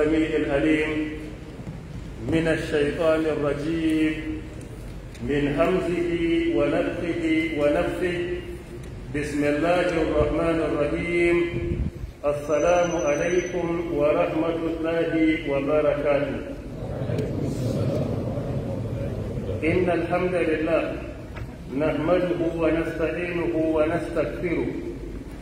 السميع الأليم من الشيطان الرجيم من همزه ونفخه ونفثه بسم الله الرحمن الرحيم السلام عليكم ورحمة الله وبركاته إن الحمد لله نحمده ونستعينه ونستغفره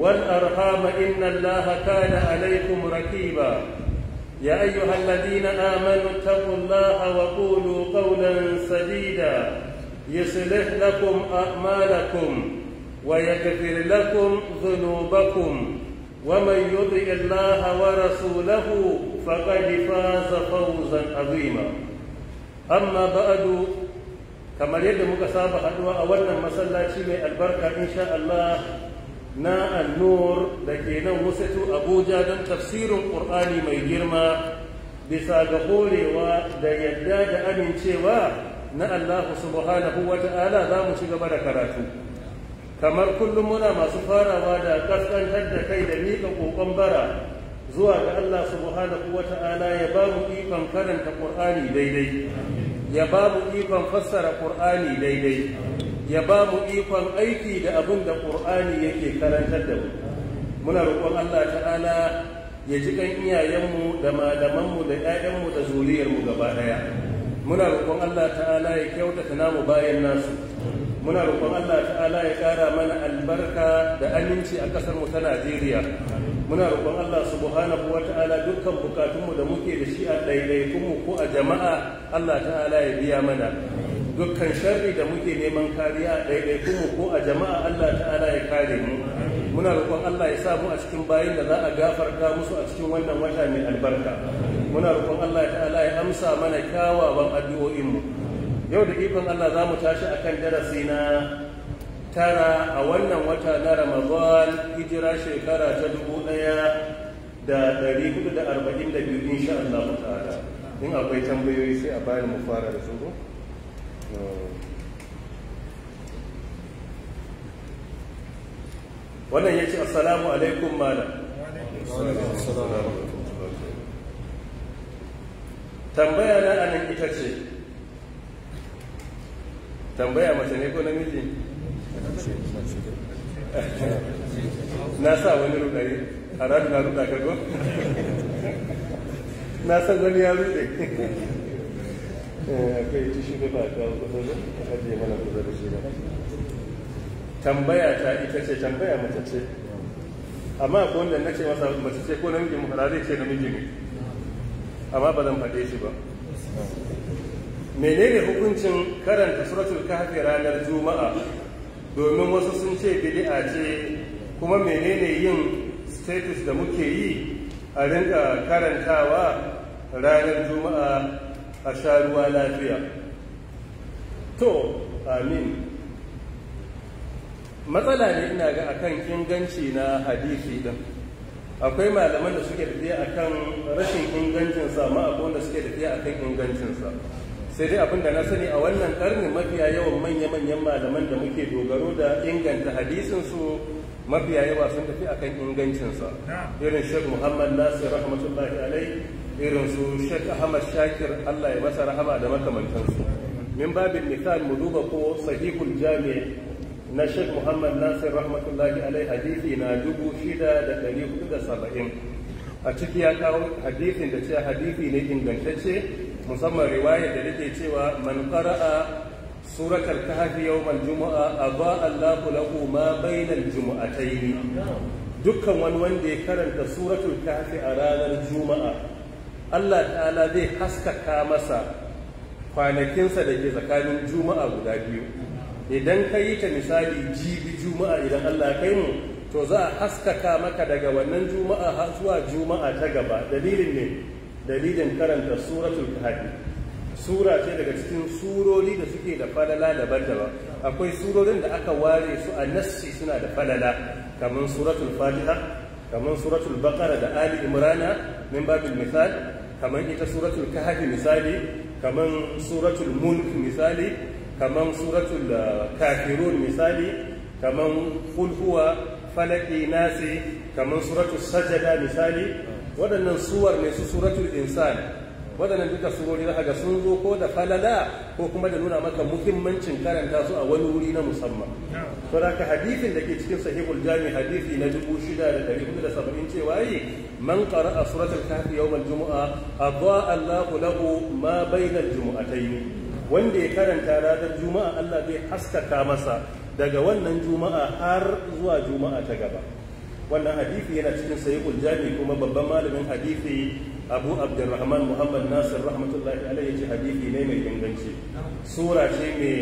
والأرحام إن الله كان عليكم ركيبا يا أيها الذين آمنوا اتقوا الله وقولوا قولا سديدا يصلح لكم أعمالكم ويغفر لكم ذنوبكم ومن يطع الله ورسوله فقد فاز فوزا عظيما أما بعد كما يدمك سابقا وأولا مسلاتي من البركة إن شاء الله na annur da ke nan wasatu abuja don tafsirin ƙur'ani mai girma bisa ga horewa da yadda da amincewa na allahu subhanahu wa ta'ala za mu ci gaba da karatu kamar kullum muna masu farawa da kaskantar da kai da miƙa ƙoƙon bara zuwa ga allah subhanahu wa ta'ala ya ba mu ikon karanta ƙur'ani daidai ya ba mu ikon fassara ƙur'ani daidai ya ba mu ikon aiki da abin da ƙur'ani yake karantar da mu muna roƙon Allah ta'ala ya ji kan iyayenmu da malamanmu da 'ya'yanmu da zuriyarmu gaba ɗaya muna roƙon Allah ta'ala ya kyautata namu bayan nasu muna roƙon Allah ta'ala ya ƙara mana albarka da aminci a ƙasarmu ta Najeriya muna roƙon Allah subhanahu wa ta'ala dukkan bukatunmu da muke da shi a ɗaiɗaikunmu ko a jama'a Allah ta'ala ya biya mana dukkan sharri da muke neman kariya a ɗaiɗaikunmu ko a jama'a Allah ta'ala ya kare mu muna roƙon Allah ya sa mu a cikin bayan da za a gafarta musu a cikin wannan wata mai albarka muna roƙon Allah ta'ala ya amsa mana kyawawan addu'o'inmu yau da ikon Allah za mu tashi kan darasi na tara a wannan wata na Ramadan hijira shekara ta dubu ɗaya da ɗari hudu da arba'in da biyu insha Allah ta'ala in akwai tambayoyi sai a bayan mu fara da tsoro Hmm. wannan ya ce assalamu alaikum malam tambaya na anan ita ce tambaya mace ne ko namiji na sa wani rudari a radu na ruda kago na san wani ya rute akwai tishin da ba a kusa da ajiye mana kusa da shi ba tambaya ta ita ce tambaya mace ce amma ko wanda na ce masa mace ce ko namiji mu zai ce namiji ne amma ba zan faɗe shi ba menene hukuncin karanta suratul kahfi ranar juma'a domin wasu sun ce bid'a ce kuma menene yin status da muke yi a rinka karantawa ranar juma'a a sha ruwa lafiya to amin matsala ne ina ga akan inganci na hadisi din akwai malaman da suke tafiya akan rashin ingancinsa ma akwai wanda suke tafiya akan ingancinsa sai dai abin da na sani a wannan karni mafiya yawan manya-manyan malaman da muke dogaro da inganta su mafiya yawa sun tafi akan ingancinsa irin shek muhammad nasir rahmatullahi alai irin su Sheikh Ahmad Shakir Allah ya masa rahama da makamantansu min babin misal mu duba ko sahihul jami na Sheikh Muhammad Nasir rahmatullahi alaihi hadisi na saba'in. a ciki ya kawo hadisin da cewa hadisi ne ingantacce musamman riwayar da take cewa man qara'a سورة الكهف يوم الجمعة أضاء الله له ما بين الجمعتين دكا وان وان دي كرنت سورة الكهف ranar juma'a. Allah ta'ala zai haskaka masa kwanakinsa da ke tsakanin juma'a guda biyu idan ka yi ta misali jibi juma'a idan Allah kai mu to za a haskaka maka daga wannan juma'a har zuwa juma'a ta gaba dalilin ne dalilin karanta suratul kahfi sura ce daga cikin surori da suke da falala daban-daban akwai surorin da aka ware su a nassi suna da falala kamar suratul fatiha kamar suratul baqara da ali imrana min babil misal kamar ita suratul kahfi misali kamar suratul mulk misali kamar suratul ah, kafirun misali kamar fulhuwa huwa falaki nasi kamar suratul sajada misali waɗannan suwar ne su suratul insan waɗannan duka surori za ga sun zo ko da falala ko kuma da nuna maka muhimmancin karanta su a wani wuri na musamman to da hadisin da ke cikin sahihul jami hadisi na dubu shida da dari hudu da saba'in cewa yi man a suratul kafi juma'a jumu'a adha Allahu lahu ma bainal ne. wanda ya karanta ranar juma'a Allah zai haskaka masa daga wannan juma'a har zuwa juma'a ta gaba wannan hadisi yana cikin sahihul jami kuma babban malamin hadisi abu abdurrahman muhammad nasir rahmatullahi alaihi ce hadisi ne mai inganci sura ce mai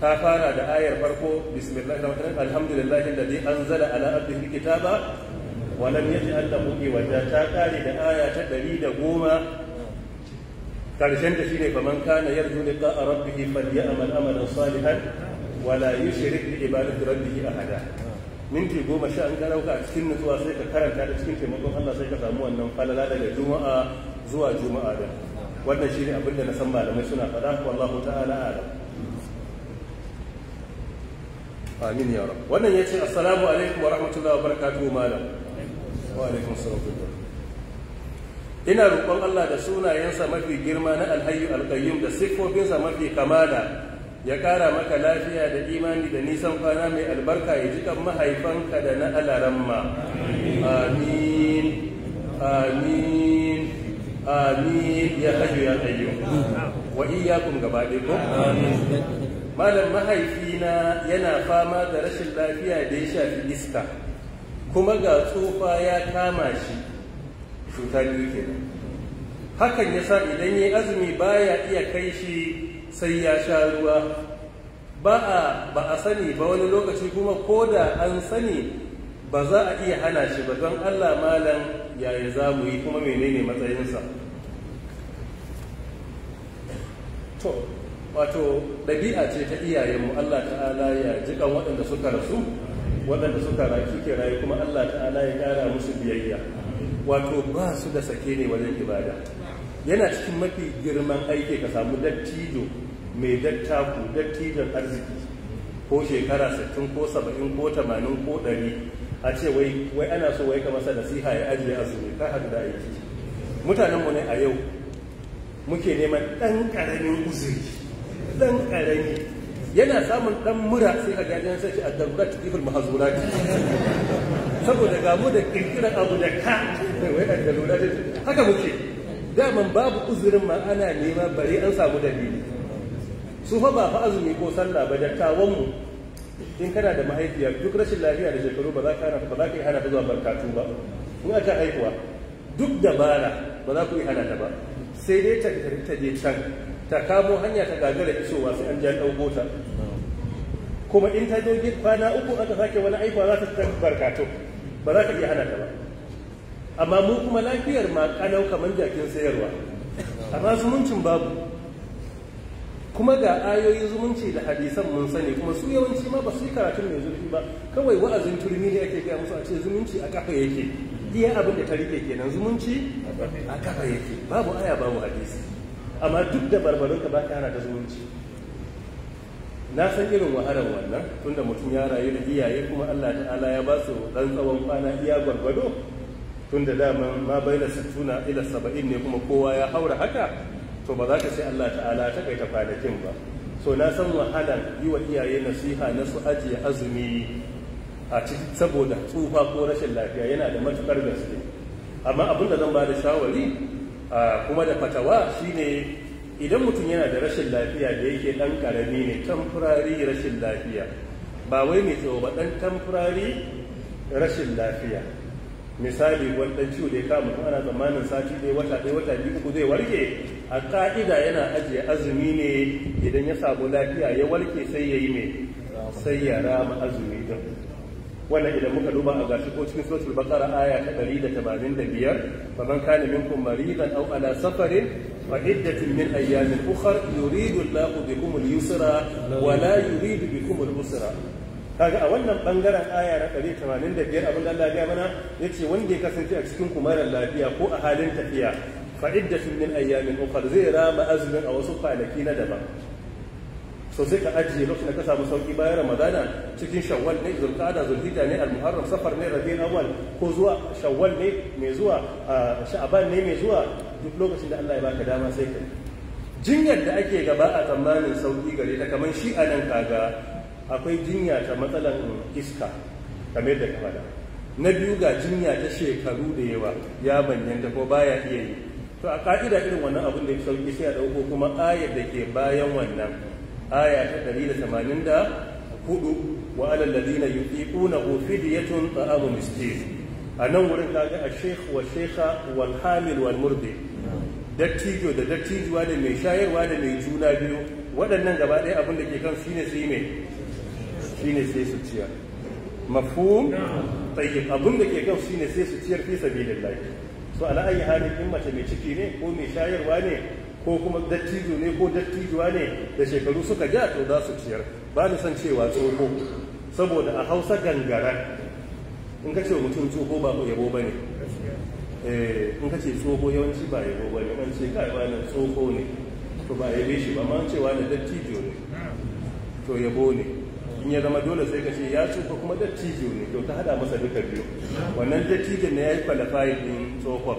ta fara da ayar farko bismillahir rahmanir rahim alhamdulillahi alladhi anzala ala abdihi kitaba wa lam yaj'al lahu iwaja ta kare da aya ta 110 karshen ta shine faman kana yarju liqa'a rabbih falyamal amalan salihan wa la yushrik bi ibadati a ahada minti goma sha an ka a cikin nutsuwa sai ka karanta da cikin taimakon Allah sai ka samu wannan falala daga juma'a zuwa juma'a da wannan shi ne abin da na san malamai suna faɗa wallahu ta'ala alam amin ya rabu wannan ya ce assalamu alaikum wa rahmatullahi wa barakatuhu malam wa alaikum assalam ina roƙon Allah da sunayensa mafi girma na alhayyu alqayyum da sifofinsa mafi kamala ya kara maka lafiya da imani da nisan kwana mai albarka ya jikan mahaifanka da na alaramma amin amin amin ya hayo ya tsayo wa iyakun gaba ko malam mahaifina yana fama da rashin lafiya da ya shafi iska kuma ga tsufa ya kama shi cuta biyu Hakan hakan yasa idan ya azumi baya iya kai shi sai ya sha ruwa ba a ba a sani ba wani lokaci kuma ko da an sani ba za a iya hana shi ba don allah malam yaya za mu yi kuma menene matsayinsa to wato ɗabi'a ce ta iyayenmu allah ta'ala ya jiƙan waɗanda suka rasu waɗanda suka ke rayu kuma allah ta'ala ya ƙara musu biyayya wato ba su da sake ne wajen ibada yana cikin mafi girman aiki ka samu dattijo mai dattaku dattijon arziki ko shekara 60 ko 70 ko 80 ko 100 a ce wai ana so wai ka masa nasiha ya ajiye a zuwa ka hadu da mutanen mutanenmu ne a yau muke neman ɗan ƙaramin uzuri ɗan ƙarami yana samun ɗan mura sai a gajen sai a darurat tifil mahazurat saboda gamu da ƙirƙirar abu da ka wai a darurat haka muke daman babu uzurin ma ana nema bare an samu dalili su fa ba fa azumi ko sallah ba dattawanmu in kana da mahaifiya duk rashin lafiya da shekaru ba za ka hana ba za ka yi hana ta zuwa barkatu ba in ta haihuwa duk dabara ba za ku yi hana ta ba sai dai ta ta je can ta kamo hanya ta gagara isowa sai an jan ɗauko ta kuma in ta je kwana uku aka sake wani aihuwa za ta barkatu ba za ka iya hana ta ba amma mu kuma lafiyar ma kanau kamar jakin sayarwa amma zumuncin babu kuma ga ayoyi zumunci da hadisan mun sani kuma su yawanci ma ba su yi karatun mai zurfi ba kawai wa'azin turmi ne ake gaya musu a ce zumunci a kafa yake iya abin da ta rike kenan zumunci a kafa yake babu aya babu hadisi amma duk da barbarin ka ka hana da zumunci na san irin wahalar wannan tunda mutum ya rayu da iyaye kuma Allah ta'ala ya ba su dan tsawon kwana iya gwargwado tun da dama ma bai da sittuna ila saba'in ne kuma kowa ya haura haka to ba za ka sai Allah ta'ala ta kai ta kwanakin ba so na san wahalan yi wa iyaye nasiha na su ajiye azumi a cikin saboda tsufa ko rashin lafiya yana da matukar gaske amma abin da zan ba da shawari kuma da fatawa shine idan mutum yana da rashin lafiya da yake dan karami ne tamfurari rashin lafiya ba wai mai tsawo ba dan tamfurari rashin lafiya misali wani dan ciwo da ya kama kuma ana tsammanin sati ɗaya wata ɗaya wata biyu uku zai warke a ka'ida yana ajiye azumi ne idan ya samu lafiya ya warke sai ya yi mai sai ya rama azumi din wannan idan muka duba a gashi ko cikin sotul baqara aya ta ɗari da da 185 faman kana minkum maridan aw ala safarin fa iddatin min ayyamin ukhra yuridu Allahu bikum al-yusra wa la yuridu bikum al-usra kaga a wannan bangaren aya na 185 abinda Allah ya mana yace wanda ya kasance a cikin kumarar lafiya ko a halin tafiya fa iddatun min ayyamin ukhra zai rama azumin a wasu kwanaki na daban so sai ka ajiye lokacin da ka samu sauki bayan ramadana cikin shawwal ne zulqa'ada zulhijja ne almuharram safar ne rabiul awwal ko zuwa shawwal ne mai zuwa sha'ban ne mai zuwa duk lokacin da Allah ya baka dama sai ka jinyar da ake gaba a tsammanin sauki gare ta kamar shi a nan kaga akwai jinya ta matsalan iska kamar da kamar na biyu ga jinya ta shekaru da yawa ya manyanta ko baya iya yi to a ka'ida irin wannan abin da ya sauki sai a ɗauko kuma ayar da ke bayan wannan aya ta ɗari da tamanin da hudu wa alal ladina yuqiquna fidyatun ta'amu miskin a nan wurin kaga a sheikh wa sheikha wal hamil wal murdi dattijo da dattijuwa da mai shayarwa da mai juna biyu waɗannan gaba ɗaya abin da ke kan shine su yi mai ne sai su ciyar Mafu, tayyib abun da ke kan ne sai su ciyar fi sabilillah so ala ayi hali in mace mai ciki ne ko mai shayarwa ne ko kuma dattijo ne ko dattijuwa ne da shekaru suka ja to za su ciyar ba ni san cewa tsoho saboda a hausa gangara in ka ce mutum tsoho ba yabo ba ne eh, in ka ce tsoho yawanci ba yabo ba ne an ce kai ba nan tsoho ne to ba yabe shi ba ma cewa da dattijo ne to yabo ne in ya zama dole sai ka ce ya tsufa kuma dattijo ne to ta hada masa duka biyu wannan dattijo ne ya yi qualified din tsohon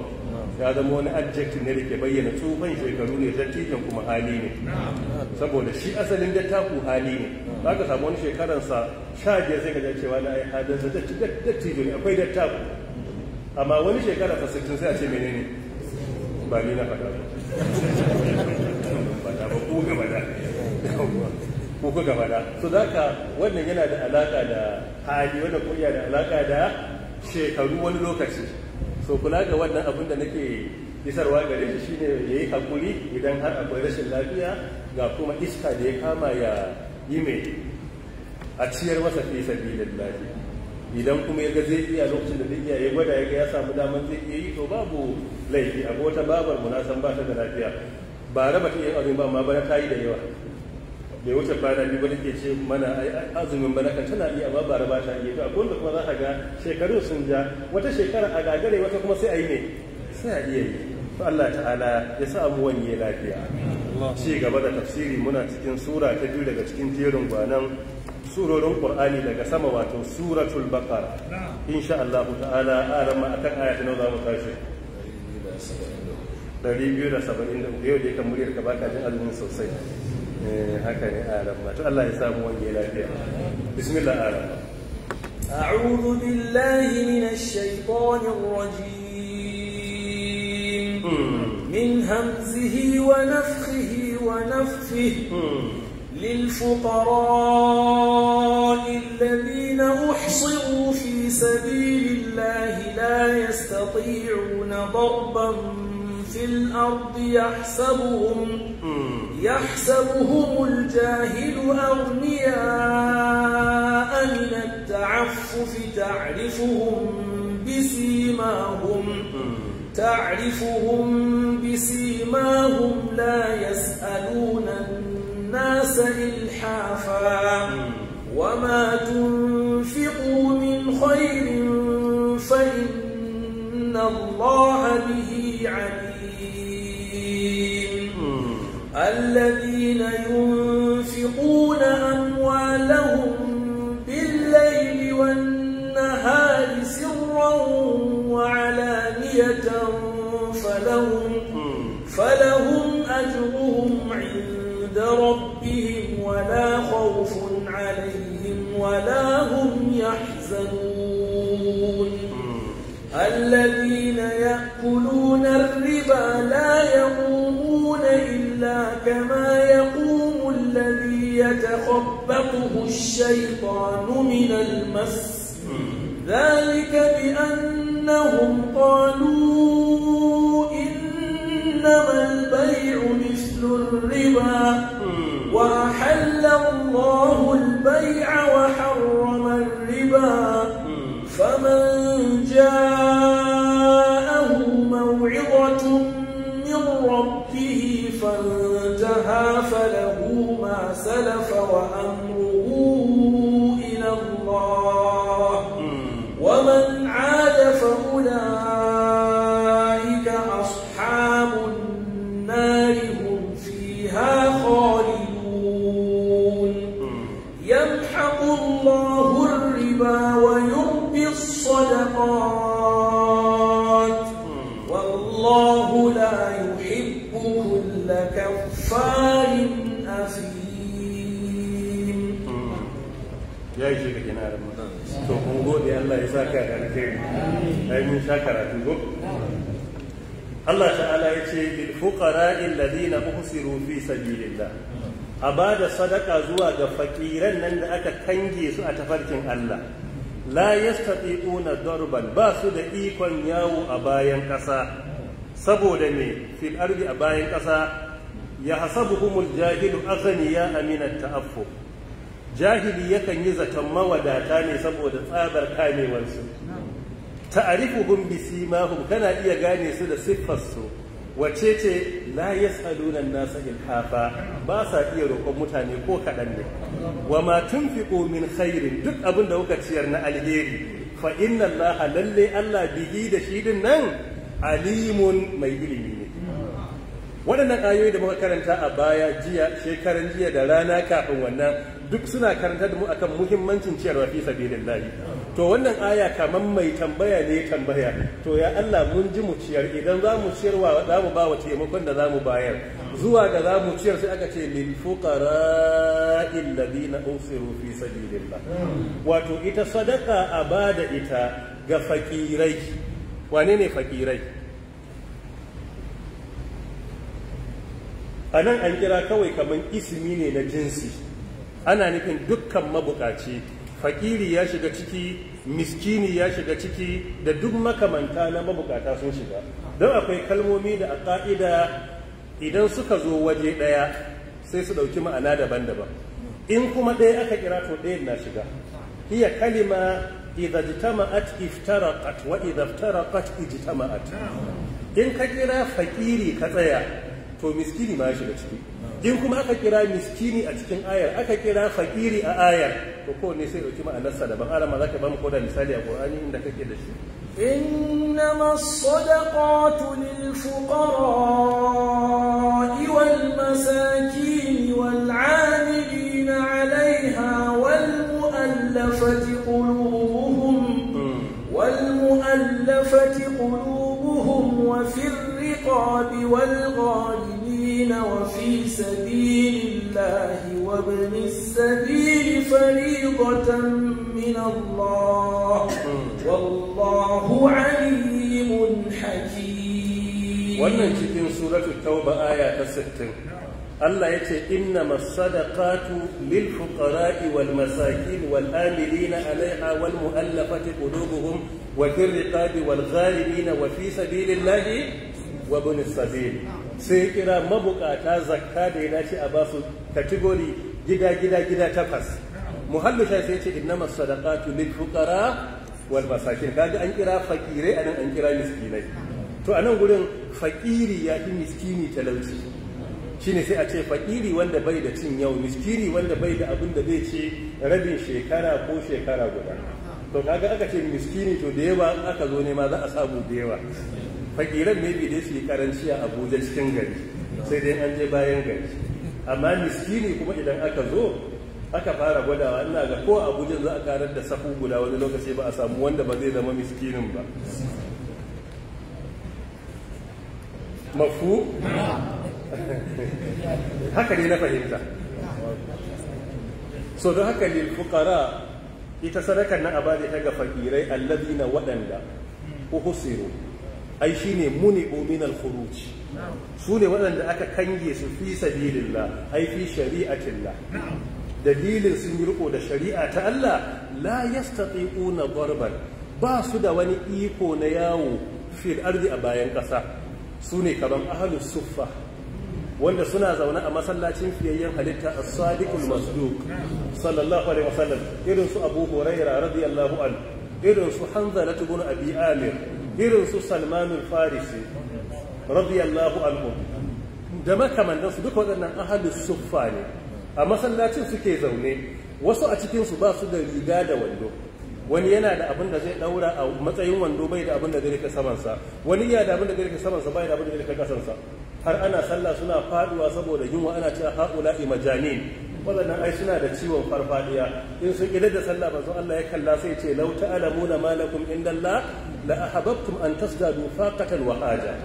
ya zama wani adjective ne da ke bayyana tsufan shekaru ne dattijon kuma hali ne saboda shi asalin dattaku hali ne za ka samu wani shekaransa sha biyar sai ka ji cewa na ai hadansa dattijo ne akwai dattaku amma wani shekara ta sai a ce menene ba ni na faɗa ba ba ku gaba da ko ku gaba da so zaka wannan yana da alaka da hali wannan kuma yana da alaka da shekaru wani lokaci so kula da wannan abin da nake isarwa gare shi shine ya yi hakuri idan har akwai rashin lafiya ga kuma iska da ya kama ya yi mai a ciyar masa fi sabilillahi idan kuma ya ga zai iya lokacin da zai iya ya gwada ya ga ya samu daman zai iya yi to babu laifi a wata babar mu na san ba ta da lafiya ba raba ta yin abin ba ma bana ta yi da yawa bai wuce kwana biyu ba ke ce mana azumin bana kan tana iya amma bara ba ta iya to akwai wanda kuma za a ga shekaru sun ja wata shekara a gagare wata kuma sai a yi ne sai a iya yi to Allah ta'ala ya sa mu wani lafiya ci gaba da tafsiri muna cikin sura ta biyu daga cikin jerin gwanan surorin Qur'ani daga sama wato suratul baqara insha Allah ta'ala aran ma akan aya ta nawa za mu tashi 273 yau dai kan muryar ka baka jin azumin sosai haka ne alamma to Allah ya samu wani lafiya bismillah alamma أعوذ بالله من الشيطان الرجيم من همزه ونفخه ونفخه للفقراء الذين أحصروا في سبيل الله لا يستطيعون ضربا في الأرض يحسبهم يحسبهم الجاهل أغنياء من التعفف تعرفهم بسيماهم تعرفهم بسيماهم لا يسألون الناس إلحافا وما تنفقوا من خير فإن الله به عليم الذين ينفقون أموالهم بالليل والنهار سرا وعلانية فلهم, فلهم أجرهم عند ربهم ولا خوف عليهم ولا هم يحزنون الذين يرزقه الشيطان من المس ذلك بأنهم قالوا إنما البيع مثل الربا وأحل الله البيع وحرم ai mun sha karatu ko Allah ta'ala ya ce lil fuqara alladhina uhsiru fi sabilillah a ba da sadaka zuwa ga fakiran nan da aka kange su a tafarkin Allah la yastati'una darban ba su da ikon yawo a bayan ƙasa saboda me fi ardi a bayan ƙasa ya hasabuhumul jahilu aghniya ta ta'affu jahili yakan yi zaton mawadata ne saboda tsabar kamewarsu ta'rifuhum bi simahum kana iya gane su da siffar su wace ce la yas'aluna an-nasa ilhafa ba sa iya roƙon mutane ko kaɗan ne wa ma tunfiqu min khairin duk abin da kuka ciyar na alheri fa inna Allah lalle Allah bihi da shi din nan alimun mai ilimi ne waɗannan ayoyi da muka karanta a baya jiya shekaran jiya da rana kafin wannan duk suna karanta da mu akan muhimmancin ciyarwa fi sabilillah to wannan aya kamar mai tambaya ne tambaya to ya Allah mun ji mu ciyar idan za mu ciyar wa za mu ba wa taimakon da za mu bayar zuwa ga za mu ciyar sai aka ce lil fuqara alladhina usiru fi sabilillah hmm. wato ita sadaka a bada ita ga fakirai wane ne fakirai a nan an kira kawai kamar isimi ne na jinsi ana nufin dukkan mabukaci fakiri ya shiga ciki miskini ya shiga ciki da duk makamanta na mabukata sun shiga don akwai kalmomi da a ƙa'ida idan suka zo waje ɗaya sai su ɗauki ma'ana daban-daban in kuma ɗaya aka kira to ɗayan na shiga iya kalima idza jitama'at iftaraqat wa idza iftaraqat ijtama'at in ka kira fakiri ka tsaya to miskini ma ya shiga ciki in kuma aka kira miskini a cikin ayar aka kira fakiri a ayar to kowanne sai dauki ma'anarsa daban arama za ba mu koda misali a qur'ani inda kake da shi إنما الصدقات للفقراء والمساكين والعاملين عليها والمؤلفة قلوبهم والمؤلفة قلوبهم وفي الرقاب والغالبين السبيل وفي سبيل الله وابن السبيل فريضة من الله والله عليم حكيم wannan cikin suratu tauba aya ta 60 Allah yace innamas sadaqatu lil fuqara'i wal masakin wal amilina 'alayha wal mu'allafati qulubuhum wa fir riqabi sai kira mabukata zakka da ya dace a basu kategori gida gida gida takwas muhallu sai sai ce inna sadaqatu lil fuqara wal masakin kaga an kira fakire anan an kira miskinai to anan gurin fakiri ya fi miskini talauci shine sai a ce fakiri wanda bai da cin yau miskini wanda bai da abin da zai ce rabin shekara ko shekara guda to kaga aka ce miskini to da yawa aka zo ne ma za a samu da yawa fakiran ne bi dai su yi karanci a abuja cikin gari sai dai an je bayan gari amma miskini kuma idan aka zo aka fara gwadawa ina ga ko abuja za a karar da safu guda wani lokaci ba a samu wanda ba zai zama miskinin ba mafu haka ne na fahimta so don haka ne fukara ita sadakar na abadi ta ga fakirai na waɗanda uhusiru ai shine muni ominal al-khuruj su ne waɗanda aka kange su fi sabilillah ai fi shari'atillah dalilin sun yi riko da shari'a ta Allah la yastati'una darban ba su da wani iko na yawo fi ardi a bayan ƙasa su ne kaman ahlus suffa wanda suna zaune a masallacin fiyayyen halitta a sadiqul masduq sallallahu alaihi wasallam irin su abu hurairah radiyallahu an irin su hanzala ibn abi amir irin su salmanin farisi radiyallahu anhu da su duk waɗannan ahalin suffa ne a masallacin suke zaune wasu a cikinsu ba su da riga da wando wani yana da abin da zai ɗaura a matsayin wando bai da abin da zai rika samansa wani yana da abin da zai rika samansa bai da abin da zai rika kasansa har ana sallah suna faduwa saboda yunwa ana cewa haula imajani waɗannan ai suna da ciwon farfadiya in sun ƙi da sallah manzo Allah ya kalla sai ce law ta'lamuna da malakum inda Allah la ahabbtum an tasdadu faqatan wa haja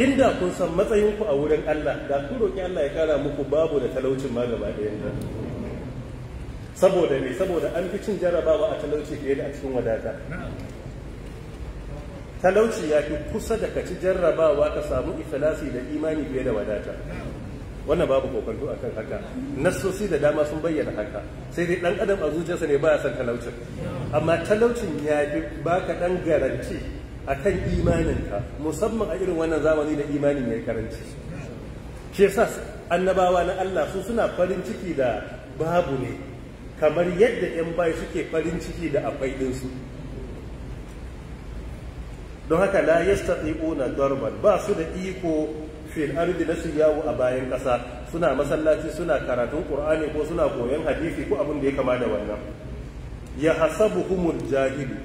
inda kun san matsayin ku a wurin Allah da kun roki Allah ya kara muku babu da talaucin ma gaba ɗayan nan saboda me saboda an fi cin jarabawa a talauci fiye da a cikin wadata talauci ya fi kusa da ka ci jarrabawa ka samu ifilasi da imani fiye da wadata wannan babu kokonto kan haka nassosi da dama sun bayyana haka sai dai dan adam a zuciyarsa ne baya son talaucin amma talaucin ya fi baka dan garanti akan imaninka musamman a irin wannan zamani da imanin ya yi karanci ke sa annabawa na Allah su suna farin ciki da babu ne kamar yadda yan bayi suke farin ciki da akwai ɗinsu don haka la yastati'una dorban ba su da iko fil ardi na su yawo a bayan ƙasa suna masallaci suna karatun qur'ani ko suna koyon hadisi ko abin da ya kama da wannan ya hasabu humul jahilu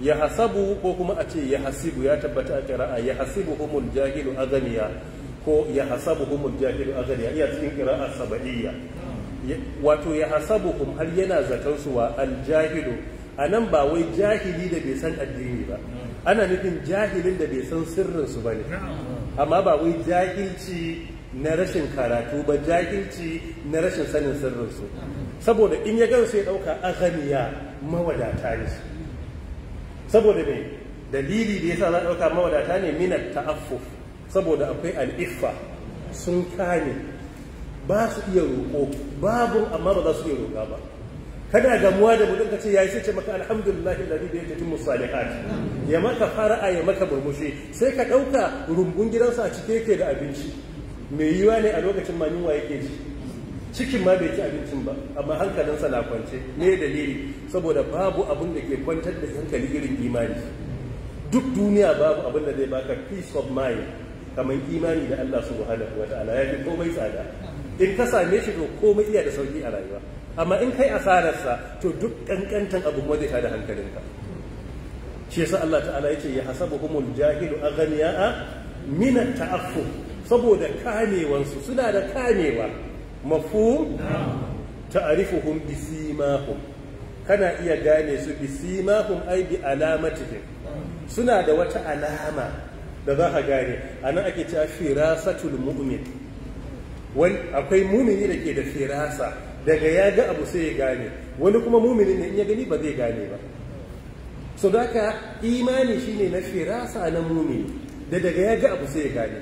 ya hasabu ko kuma a ce ya hasibu ya tabbata a kira'a ya hasibu humul jahilu azaniya ko ya hasabu humul jahilu azaniya iya cikin kira'a saba'iyya wato ya hasabu hum har yana zaton su wa aljahilu a nan ba wai jahili da bai san addini ba ana nufin jahilin da bai san sirrin su ne, amma ba wai jahilci na rashin karatu ba jahilci na rashin sanin sirrin su saboda in ya gan sai dauka ganiya mawadata ne saboda me dalili da sa za a ɗauka mawadata ne mina ta'affuf saboda akwai al'iffa sun kane ba su iya roƙo babu amma ba za su iya roƙa ba kana gamuwa da mutum ce yayi sai ce maka alhamdulillahi alladhi bi yadihi salihat ya maka fara'a ya maka murmushi sai ka dauka rumbun gidansa a cike yake da abinci me yiwa ne a lokacin ma yunwa yake ji cikin ma bai ci abincin ba amma hankalinsa na kwance ne dalili saboda babu abin da ke kwantar da hankali irin imani duk duniya babu abin da zai baka peace of mind kamar imani da Allah subhanahu wa ta'ala ya fi komai tsada in ka same shi to komai iya da sauki a rayuwa amma in kai asararsa to duk kankantan abu kuma ta da hankalinka shi yasa Allah ta'ala yace ya hasabuhumul jahilu aghniya'a min ta'afu saboda kamewansu suna da kamewa mafhum ta'rifuhum bisimahum kana iya gane su bisimahum ai bi alamatihim suna da wata alama da za ka gane anan ake cewa firasatul mu'min wani akwai mumini da ke da firasa daga ya ga abu sai ya gane wani kuma muminin ne in ya gani ba zai gane ba so da haka imani shine na firasa na mumini da daga ya ga abu sai ya gane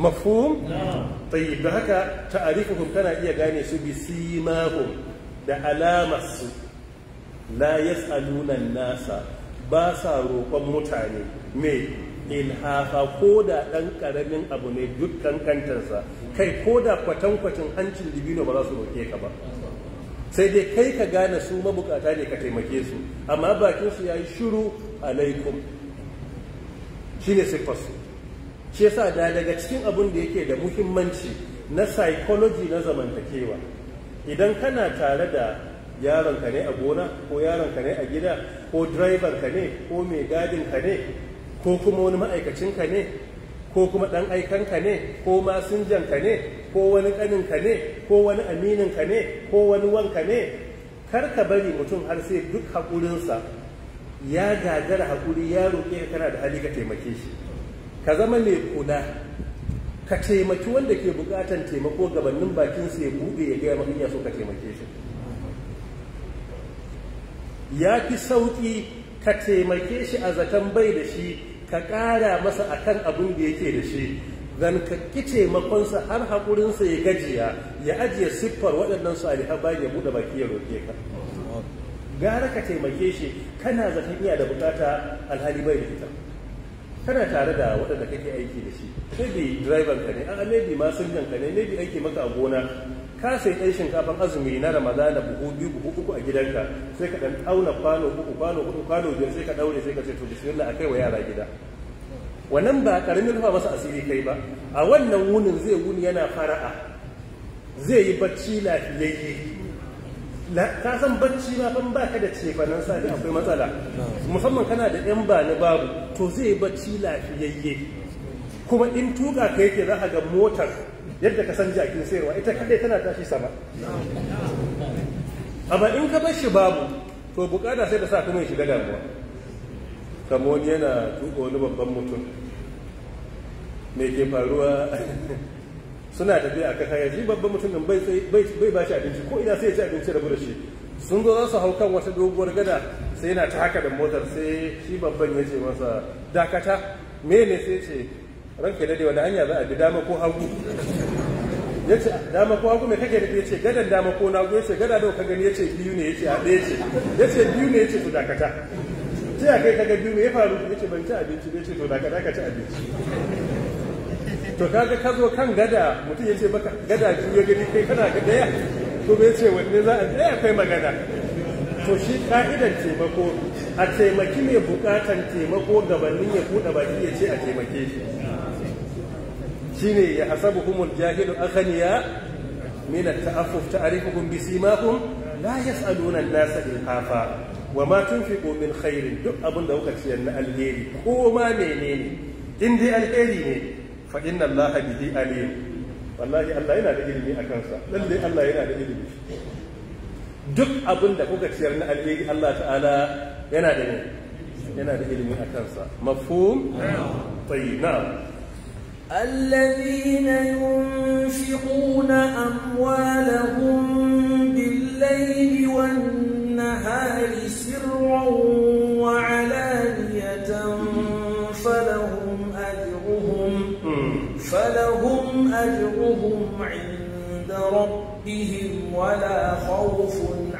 mafhum tayyib da haka ta'arifuhum tana iya gane su bi simahum da alamarsu la yas'aluna nasa ba sa roƙon mutane mai in hafa ko da ɗan ƙaramin abu ne duk kankantarsa kai ko da kwatankwacin hancin dibino ba za su roƙe ka ba sai dai kai ka gane su mabukata ne ka taimake su amma bakin su yayi shiru alaikum shine siffar su shi yasa da daga cikin abin da yake da muhimmanci na psychology na zamantakewa idan kana tare da yaronka ne a gona ko yaronka ne a gida ko driver ka ne ko mai gadin ka ne ko kuma wani ma'aikacin ka ne ko kuma ɗan aikanka ne ko masinjanka ne ko wani ƙaninka ne ko wani amininka ne ko wani wanka ne kar ka bari mutum har sai duk haƙurinsa ya gagara haƙuri ya roƙe ka kana da hali ka taimake shi ka zama mai kula ka taimaki wanda ke buƙatar taimako gabanin bakinsa ya buɗe ya gaya maka iya so ka taimake shi ya fi sauƙi ka taimake shi a zaton bai da shi ka ƙara masa a kan abin da yake da shi zan ka kice makonsa har haƙurinsa ya gajiya ya ajiye siffar waɗannan su bayan ya buɗe baki ya roƙe ka gara ka taimake shi kana zaton iya da bukata alhali bai da ita kana tare da waɗanda kake aiki da shi maybe driver ka ne a maybe masinjan ka ne maybe aiki maka a gona ka sai ɗan shinkafan azumi na ramadana buhu biyu buhu uku a gidanka sai ka ɗan auna kwano uku kwano uku kwano biyar sai ka ɗaure sai ka ce to bismillah a kai wa yara gida wannan ba ƙaramin rufa masa asiri kai ba a wannan wunin zai wuni yana fara'a zai yi bacci lafiyayye ka san bacci ma ban baka da cefanen sai akwai matsala musamman kana da yan ba ni babu to zai yi bacci lafiyayye kuma in tuka ka yake za ka ga motar yadda ka san kin sayarwa ita kadai tana tashi sama amma in ka bar shi babu to bukata sai da sa kuma ya shiga damuwa Kamo wani yana tuko wani babban mutum mai ke faruwa suna tafiya a kasa ji babban mutum bai ba shi abinci ko ina sai ya ci abinci rabu da shi sun zo za su hau kan wata doguwar gada sai yana ta haka da motar sai shi babban ya ce masa dakata mene sai ce ranka dai wani hanya za a bi dama ko hagu ya ce dama ko hagu mai kake da ya ce gadan dama ko na ya ce gada nawa ka gani ya ce biyu ne ya ce a ɗaya ce ya ce biyu ne ya ce to dakata sai a kai kaga biyu ne ya faru ya ce ban ci abinci ya ce to dakata ka ci abinci to kaga ka zo kan gada mutum ya ce baka gada biyu ya gani kai kana ga ɗaya to bai ce wanne za a ɗaya kai magana to shi ka'idar taimako a taimaki mai bukatan taimako gabanin ya buɗe baki ya ce a taimake shi shine ya hasabuhumul jahilu akhaniya min at-ta'affuf ta'rifuhum bi simahum la nasa ilhafa wa ma fi komin khairin duk abin da kuka ciyar na alheri ko ma menene in dai alheri ne fa inna allaha bihi alim wallahi Allah yana da ilimi a kansa lalle Allah yana da ilimi duk abin da kuka ciyar na alheri Allah ta'ala yana da ne yana da ilimi a kansa mafhum tayyib na'am الذين ينفقون أموالهم بالليل والنهار سرا وعلانية فلهم أجرهم فلهم أجرهم عند ربهم ولا خوف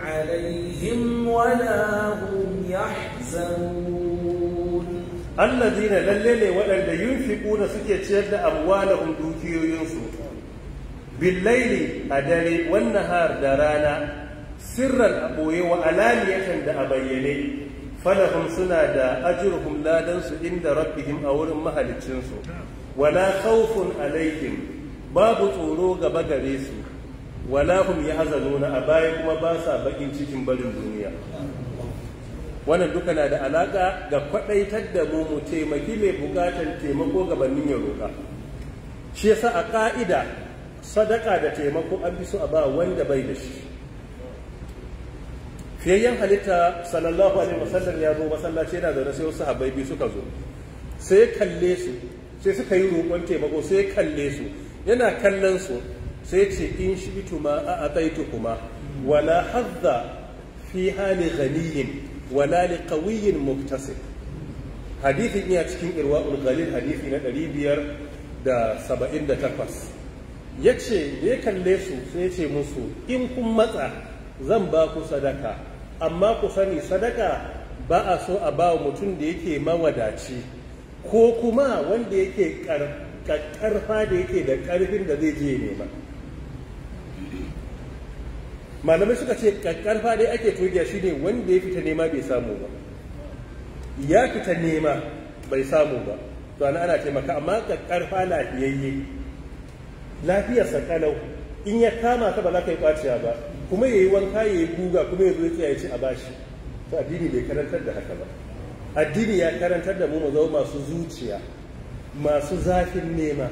عليهم ولا هم يحزنون allazina lalle ne waɗanda fiƙuna suke ciyar da amwalahum dukiyoyinsu billaili a dare wannan har da rana sirran a ɓoye wa alaniyatan da a bayyane falahun suna da ajurhum ladansu inda rabbihim a wurin mahalicinsu wala khawfun alaikin, babu tsoro gaba gare su wala hum yahzanuna a baya kuma ba sa bakin cikin barin duniya wannan duka na da alaƙa ga kwadaitar da mu mu taimaki mai bukatar taimako gabanin ya roƙa shi yasa a ƙa'ida sadaka da taimako an fi so a ba wanda bai da shi fiyayyen halitta sallallahu alaihi wasallam ya zo masallaci yana zaune sai wasu habai biyu suka zo sai kalle su sai suka yi roƙon taimako sai kalle su yana kallon su sai ce in shi ma a ataitu kuma wala hazza fi hali ghaniyin wala li qawiyyin muktasib iya cikin irwaul galil hadithi na ɗari biyar da saba'in da takwas ya kalle su sai musu in kun matsa zan ba ku sadaka amma ku sani sadaka ba a so a ba mutum da yake mawadaci ko kuma wanda yake karfa da yake da ƙarfin da zai je nema malamai suka ce ƙarfa dai ake tugiya shine wanda ya fita nema bai samu ba ya fita nema bai samu ba to ana ana taimaka amma kakkarfa lafiyayye lafiyarsa kalau in ya kama ka ba za ka yi kwaciya ba kuma ya yi wanka ya yi guga kuma ya zo ya ce a bashi to addini bai karantar da haka ba addini ya karantar da mu mu zama masu zuciya masu zafin nema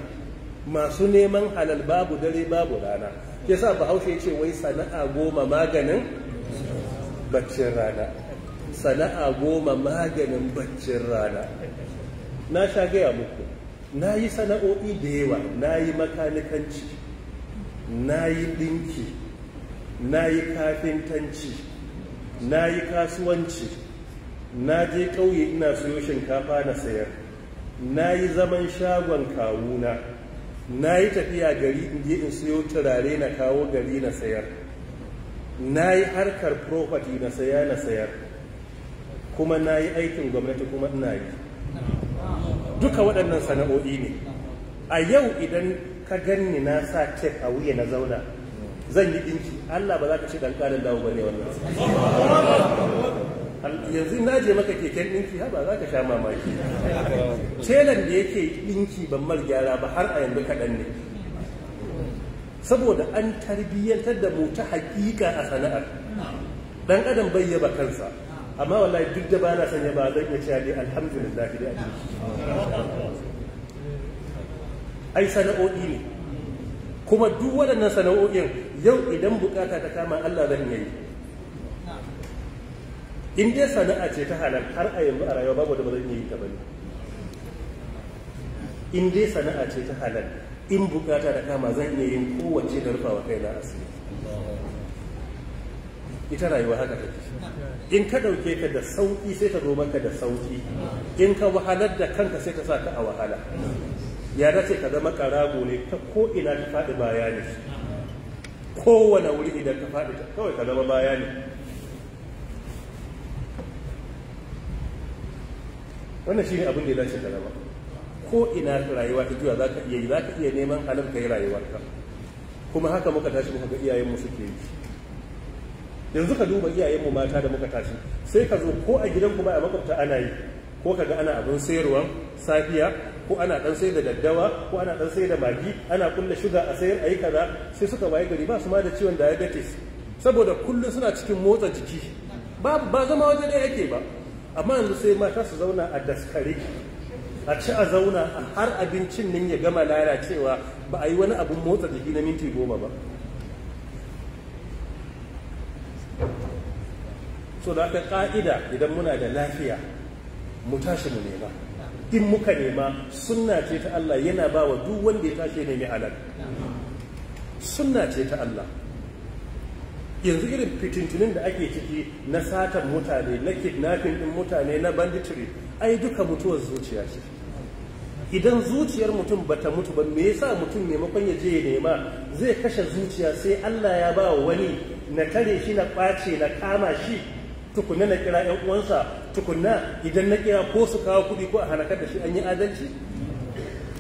masu neman halal babu dare babu rana ya sa bahaushe ce wai sana'a goma maganin baccin rana sana'a goma maganin baccin rana na sha gaya muku na yi sana'o'i da yawa na yi makanikanci na yi ɗinki na yi kafintanci na yi kasuwanci na je ƙauye ina siyo shinkafa na sayar na yi zaman shagon kawuna na yi tafiya gari in je in siyo turare na kawo gari na sayar na yi harkar property na saya na sayar kuma na yi aikin gwamnati kuma ina yi duka waɗannan sana'o'i ne a yau idan ka ganni na sa kek a wuya na zauna zan yi ɗinki allah ba za ka ce ɗan ƙarin dawo ba ne wannan yanzu na je maka keken ɗinki ha ba za ka sha mamaki telan da yake ɗinki ban mar gyara ba har a yanzu kaɗan ne saboda an tarbiyyantar da mu ta haƙiƙa a sana'ar ɗan adam bai yaba kansa amma wallahi duk da bana san ya ba zan iya cewa dai alhamdulillah dai ai sana'o'i ne kuma duk waɗannan sana'o'in yau idan bukata ta kama Allah zan yi in sana'a ce ta halal har a yanzu a rayuwa babu da ba zan yi ta bane in sana'a ce ta halal in bukata da kama zan iya yin kowace da rufawa kai na asiri ita rayuwa haka take in ka dauke ka da sauki sai ta zo maka da sauki in ka wahalar da kanka sai ta sa ka a wahala ya dace ka zama karago ne ta ko ina ka faɗi baya ne kowane wuri idan ka faɗi kawai ka zama baya ne wannan shine abin da ya dace ka ko ina rayuwa ta juya ka iya yi za ka iya neman yi rayuwar ka kuma haka muka tashi muka ga iyayenmu suke yi yanzu ka duba iyayenmu mata da muka tashi sai ka zo ko a gidanku ba a makwabta ana yi ko ka ga ana abin sayarwa safiya ko ana dan sayar da daddawa ko ana dan sayar da magi ana kulle shuga a sayar ayi kaza sai suka waye gari ba su ma da ciwon diabetes saboda kullum suna cikin motsa jiki ba ba zama waje ne yake ba amma yanzu sai mata su zauna a daskare a ci a zauna har abincin nan ya gama lara cewa ba a yi wani abin motsa jiki na minti goma ba so da aka ka'ida idan muna da lafiya mu tashi mu nema in muka nema sunna ce ta Allah yana ba wa duk wanda ya tashi nemi halal sunna ce ta Allah yanzu irin fitintunin da ake ciki na satan mutane na kidnapping din mutane na banditry ai duka mutuwar zuciya ce idan zuciyar mutum bata mutu ba me yasa mutum maimakon ya je ya nema zai kashe zuciya sai Allah ya ba wani na tare shi na kwace na kama shi tukunna na kira yan uwansa tukunna idan na kira ko su kawo kuɗi ko a halakar da shi an yi adalci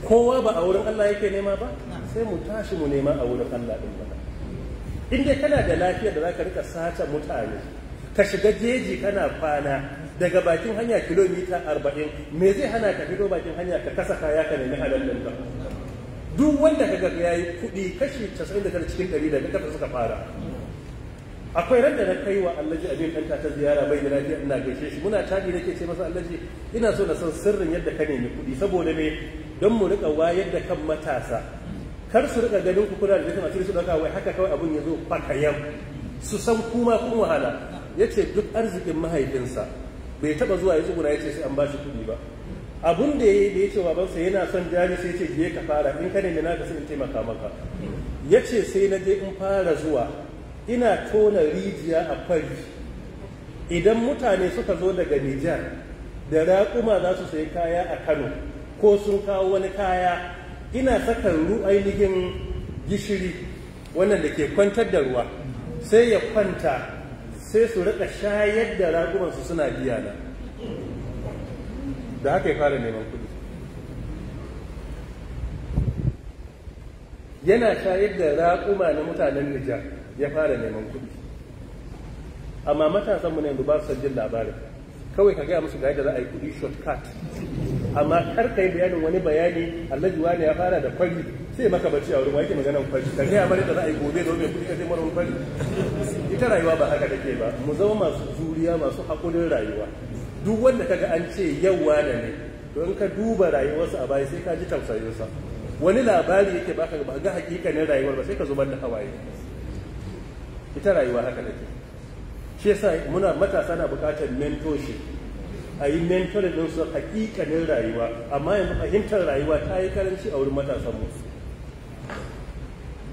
kowa ba a wurin Allah yake nema ba sai mu tashi mu nema a wurin Allah din ba in dai kana da lafiyar da za ka rika sata mutane ka shiga jeji kana kwana daga bakin hanya kilomita arba'in me zai hana ka fito bakin hanya ka kasa kaya ka nemi halal din ka duk wanda ka ya yayi kuɗi kashi da cikin 100 da kafa suka fara akwai ran da na kai wa allaji abin ɗanta ta ziyara bai da lafiya ina gaishe shi muna na nake ce masa allaji ina so na san sirrin yadda ka nemi kuɗi saboda me don mu rika wayar da kan matasa kar su rika ganin ku kuna da jikin asiri su daga wai haka kawai abun ya zo fakayan su san kuma kun wahala ya ce duk arzikin mahaifinsa bai taba zuwa ya tsuguna yace sai an bashi kuɗi ba abun da yi da wa babansa yana son jari sai ce je ka fara in ka ne naka sai in taimaka maka ya ce sai na je in fara zuwa ina tona rijiya a fari idan mutane suka zo daga Nijar da raƙuma za su sayi kaya a Kano ko sun kawo wani kaya ina saka ru ainihin gishiri wannan da ke kwantar da ruwa sai ya kwanta sai su rika shayar da ragumansu suna biya na da haka ya fara neman kuɗi yana shayar da raƙuma na mutanen Nijar ya fara neman kuɗi amma matasanmu ne yanzu ba su jin labarin kawai ka gaya musu ga yadda za a yi kuɗi shortcut amma kar ka yi bayanin wani bayani allaji wani ya fara da kwari sai maka bacci a wurin wa yake maganan kwari ka gaya bari da za a yi gobe da wani kudi ka sai mara kwari ita rayuwa ba haka take ba mu zama masu juriya masu haƙurin rayuwa duk wanda kaga an ce yau wane ne don ka duba rayuwarsa a baya sai ka ji tausayinsa wani labari yake baka ga hakikanin rayuwar ba sai ka zubar da hawaye ita rayuwa haka take shi yasa muna matasa na bukatar mentorship a yi mentoring din su hakikanin rayuwa amma yanzu fahimtar rayuwa ta yi karanci a wurin matasan mu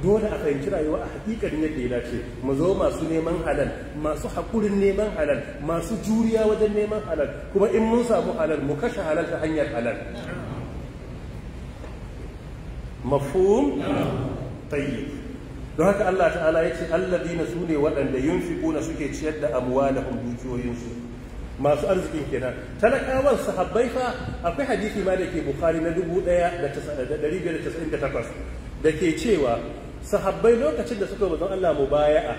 dole a fahimci rayuwa a hakikanin yadda ya dace mu zo masu neman halal masu hakurin neman halal masu juriya wajen neman halal kuma in mun samu halal mu kashe halal ta hanyar halal mafhum tayyib don haka Allah ta'ala ya ce dina su ne waɗanda yunfiquna suke ciyar da amuwa na dukiyoyinsu masu arzikin kenan talakawan sahabbai fa akwai hadisi ma da ke bukari na 1598 da ke cewa sahabbai lokacin da suka bazan Allah mu mubaya'a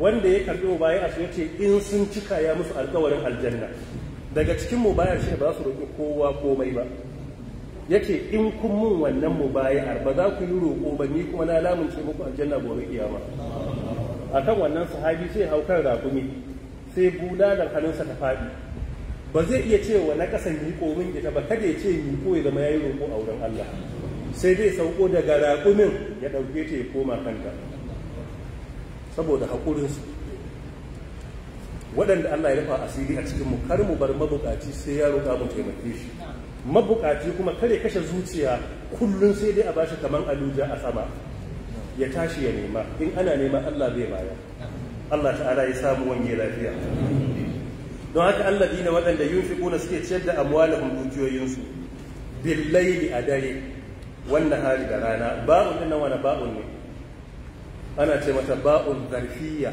wanda ya karɓi baya mubaya'a su yace in sun cika ya musu alkawarin aljanna daga cikin mubayar shi ba su roƙi kowa komai ba Yake in kun mun wannan mu mubayar ba za ku yi roƙo ba ni kuma na lamunce muku aljanna gobe kiyama akan wannan sahabi sai haukar rakumi sai bulalar hannunsa ta faɗi ba zai iya cewa na ƙasan miƙo min ita ba kada ya ce ko ya zama yayi roƙo a wurin Allah sai zai sauko daga rakumin ya ɗauke ta ya koma kanta saboda haƙurinsu waɗanda Allah ya rufa asiri a cikin mu kar mu bar mabukaci sai ya roƙa mu taimake shi mabukaci kuma kare kashe zuciya kullum sai dai a bashi kaman aluja a sama ya tashi ya nema in ana nema Allah bai baya Allah ta'ala ya samu wange lafiya don haka Allah dina waɗanda yunfiquna suke ciyar da amwalahum dukiyoyinsu billaili a dare wannan hari da rana ba'un din ba'un ne ana ce mata ba'un zarfiya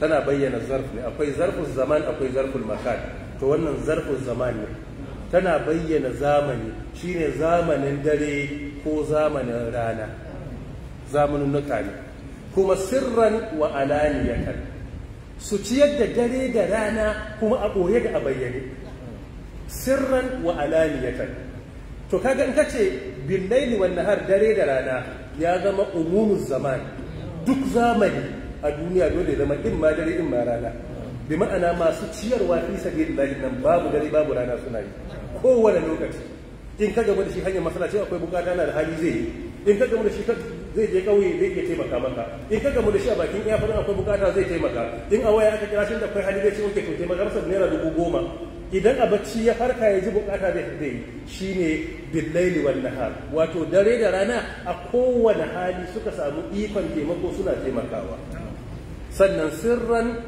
tana bayyana zarf ne akwai zarfin zaman akwai zarfin makan to wannan zarfin zaman ne tana bayyana zamani shine zamanin dare ko zamanin rana zamanin ne kuma sirran wa alaniyatan su ciyar da dare da rana kuma a ɓoye da a bayyane sirran wa alaniyatan to kaga in kace bin laili nahar dare da rana ya zama umumin zaman duk zamani a duniya dole zama in ma dare in ma rana bi ma'ana masu ciyarwa fi sabilillahi nan babu dare babu rana suna yi kowane lokaci in ka gaba da shi hanyar ce akwai bukata na da hali zai yi in ka gaba da shi zai je kauye zai iya taimaka maka in ka gaba da shi a bakin iya iyafarin akwai bukata zai taimaka in a waya aka kira shi da akwai hali zai ce oke to taimaka masa naira dubu goma idan a bacci ya farka ya ji bukata zai zai shine billaili wan nahar wato dare da rana a kowane hali suka samu ikon taimako suna taimakawa sannan sirran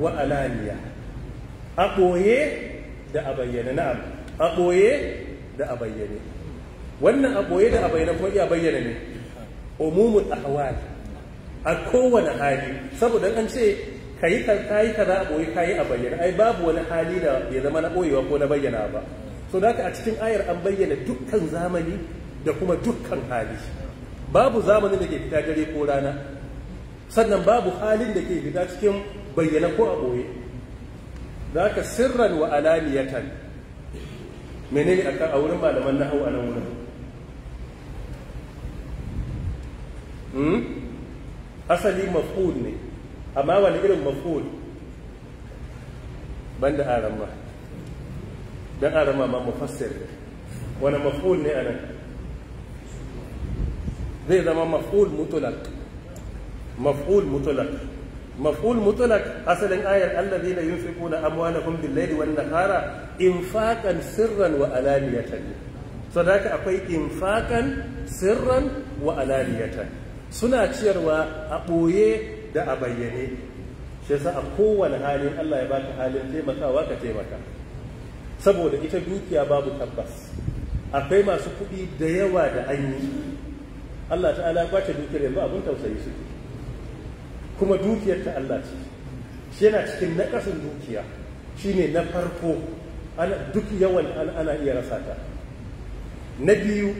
wa alaniya a ɓoye da a bayyane na'am a ɓoye da a bayyane wannan a ɓoye da a bayyane kuma iya bayyana ne umumul ahwal a kowane hali saboda an ce ka yi kaza a ɓoye ka yi a bayyana ai babu wani hali da ya zama na ɓoyewa ko na bayyana ba so da a cikin ayar an bayyana dukkan zamani da kuma dukkan hali babu zamani da ke fita dare ko rana sannan babu halin da ke fita cikin bayyana ko a ɓoye za ka sirran wa alaniyatan menene akan a wurin malaman na hau a nan wurin hmm? asali maf'ul ne amma wani irin ban da arama dan arama ma mufassir ne wani maf'ul ne anan zai zama maf'ul mutlaq maf'ul mutlaq maf'ul mutlaq asalin ayar allazina yunfiquna amwalahum bil-layli wan-nahara infaqan sirran wa alaniyatan sadaka akwai infaqan sirran wa alaniyatan suna ciyarwa a ɓoye da a bayyane shi yasa a kowane halin Allah ya baka halin taimakawa ka taimaka saboda ita dukiya babu tabbas akwai masu kuɗi da yawa da an yi Allah ta'ala ya kwace dukiyar yanzu abun tausayi suke kuma dukiyar ta Allah ce shi yana cikin nakasin dukiya shine na farko duk yawan ana iya rasa ta na biyu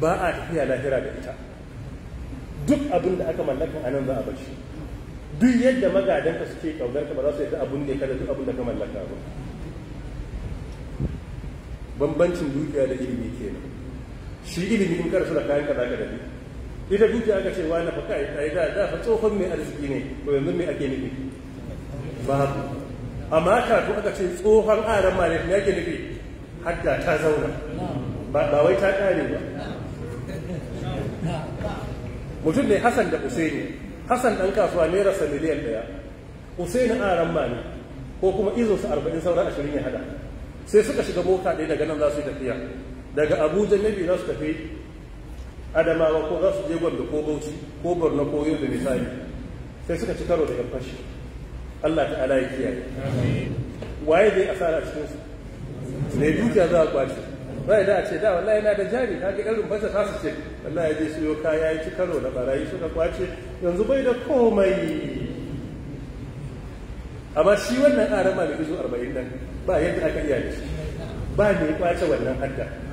ba a tafiya lahira da ita duk abin da aka mallaka a nan za a bar duk yadda magadanka suke kaunar ka ba za su yi abun ne kada duk abin da ka mallaka ba bambancin dukiya da ilimi kenan shi ilimi in karsu da kayan kaza za ka dafi ita dukiya aka ce wani fa kai yi da da fa tsohon mai arziki ne ko yanzu mai ake nufi babu amma kafin aka ce tsohon aran ma ne me ake nufi hadda ta zauna ba ba wai ta kare ba mutum ne Hassan da Usaini Hassan dan kasuwa ne rasa miliyan daya Usaini aran ma ne ko kuma izo su 40 sauran 20 ya hada sai suka shiga mota ɗaya daga nan za su yi tafiya daga Abuja Nabi za su tafi adamawa ko za su je gwanda ko bauchi ko borno ko yau da misali sai suka ci karo da yan fashi allah ta'ala ya kiyaye waye zai asara cikin su mai dukiya za a kwace bai da a ce da wallahi na da jari ta ga irin fasa ta su ce wallahi zai siyo kaya ya ci karo da barayi suka kwace yanzu bai da komai amma shi wannan arama da izo arba'in nan ba yadda aka iya da shi ba mai kwace wannan hadda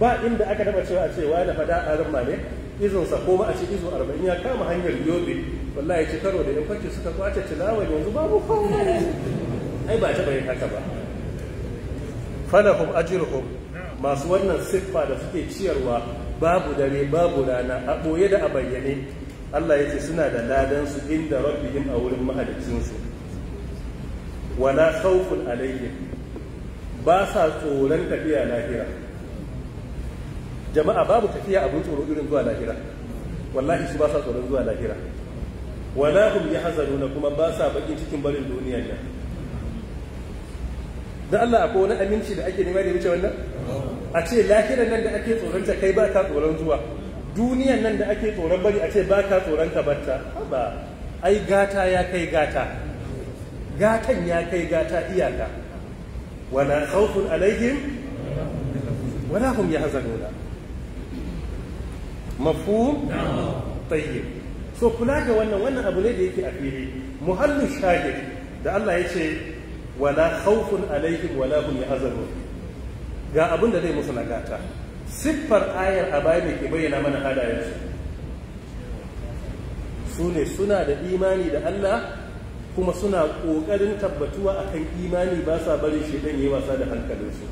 ba inda aka taba cewa a ce da fada a ramma ne izinsa ko ba a ce izo arba'in ya kama hanyar yobe wallahi ci karo da yan suka kwace tilawa yanzu babu kowa ai ba ta bayan haka ba falahum ajruhum masu wannan siffa da suke ciyarwa babu dare babu rana a ɓoye da a bayyane Allah ya ce suna da ladan su inda rabbihim a wurin mahaliccinsu wala khawfun alayhim ba sa tsoron tafiya lahira jama'a babu tafiya abin tsoro irin zuwa lahira wallahi su ba sa tsoron zuwa lahira wala hum yahzanuna kuma ba sa bakin cikin barin duniyar ne da Allah akwai wani aminci da ake nema da wuce wannan a ce lahiran nan da ake tsoron ta kai ba ka tsoron zuwa duniyar nan da ake tsoron bari a ce ba ka tsoron ka batta ba ai gata ya kai gata gatan ya kai gata iyaka wala khawfun alaihim wala hum yahzanuna mafhum tayyib so kula ga wannan wannan abu ne da yake a fili muhallin shahid da Allah ya ce wala khawfun alaihim wala hum yahzanun ga abin da zai musu nagata siffar ayar a baya ke bayyana mana halayensu su ne suna da imani da Allah kuma suna ƙoƙarin tabbatuwa akan imani ba sa barin shi dan wasa da hankalinsu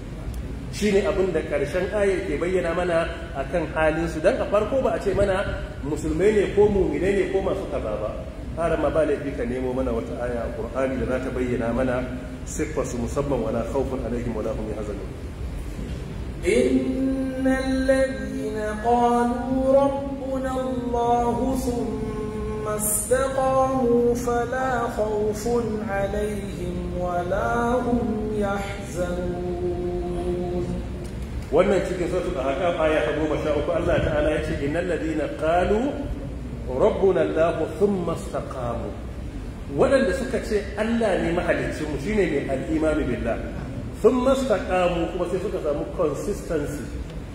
shine abin da ƙarshen ayar ke bayyana mana a kan halinsu, dan a farko ba a ce mana musulmai ne ko mu'mine ne ko masu kaza ba har ma ba laifi ka nemo mana wata aya a Qur'ani da za ta bayyana mana siffar su musamman wala khawfun alaihim wala hum yahzanun innal ladina qalu rabbuna Allah thumma istaqamu fala khawfun alaihim wala hum yahzanun wannan cikin sautu da haka aya ta goma sha uku Allah ta'ala ya ce innal ladina qalu rabbuna Allah thumma istaqamu waɗanda suka ce Allah ne mahaliccin mu shine ne al billa sun thumma istaqamu kuma sai suka samu consistency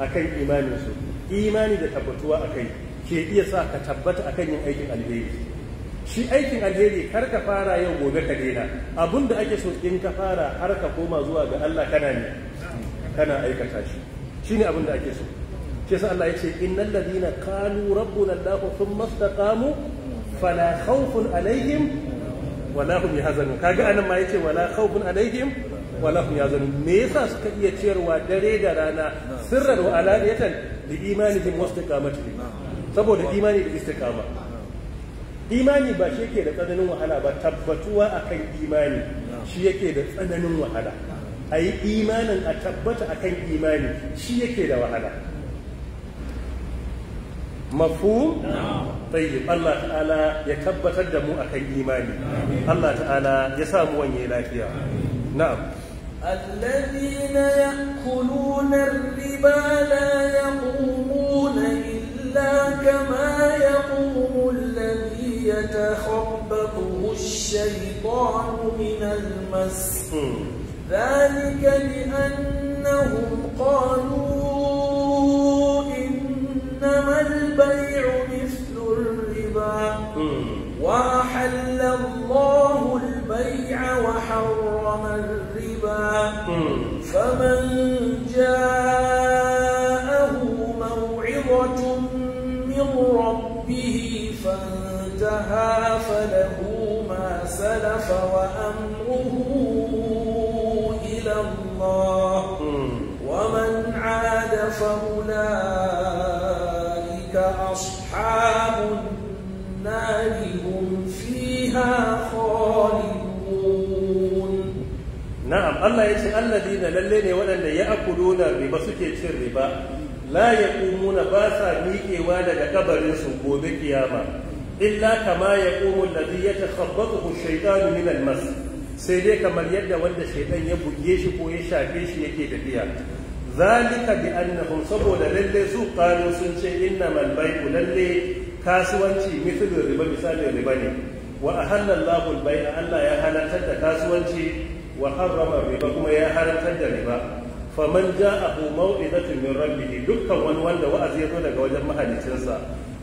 akan imanin su imani da tabbatuwa akai ke iya sa ka tabbata akan yin aikin alheri shi aikin alheri kar ka fara yau gobe ka daina abun da ake so in ka fara har ka koma zuwa ga Allah kana ne kana aikata shi shine abin da ake so shi yasa Allah ya ce innal ladina qalu rabbuna Allah thumma istaqamu fala khawfun alaihim wala hum yahzanun kaga anan ma yace wala khawfun alaihim wala hum yahzanun me yasa suka iya ciyarwa dare da rana sirran wa alaniyatan li imanihim wastiqamatihim saboda imani da istiqama imani ba shi yake da tsananin wahala ba tabbatuwa akan imani shi yake da tsananin wahala a yi imanin a tabbata a kan imani shi yake da wahala mafu tayyib Allah ta'ala ya tabbatar da mu akan imani Allah ta'ala ya samu wanye lafiya na'am الذين يأكلون الربا لا يقومون إلا كما يقوم الذي يتخبطه الشيطان من المس ذلك لأنهم قالوا إنما البيع مثل الربا وأحل الله البيع وحرم الربا فمن جاءه موعظة من ربه فانتهى فله ما سلف وأمره فأولئك أصحاب النار هم فيها خالدون نعم الله يتي الذين للين ولن يأكلون ربا الربا لا يقومون باسا ميكي ولا كبر سبوب قيامة إلا كما يقوم الذي يتخبطه الشيطان من المس سيدي كما kamar ولد الشيطان shaidan ya buge shi ko zalika bi annahum saboda lalle su qalu sun ce innamal bai'u lalle kasuwanci mithlu riba misali riba ne wa ahalla Allahu al-bai'a Allah ya halartar da kasuwanci wa harrama riba kuma ya halartar da riba faman ja'ahu maw'izatun min rabbih dukkan wani wanda wa'azi ya zo daga wajen mahalicinsa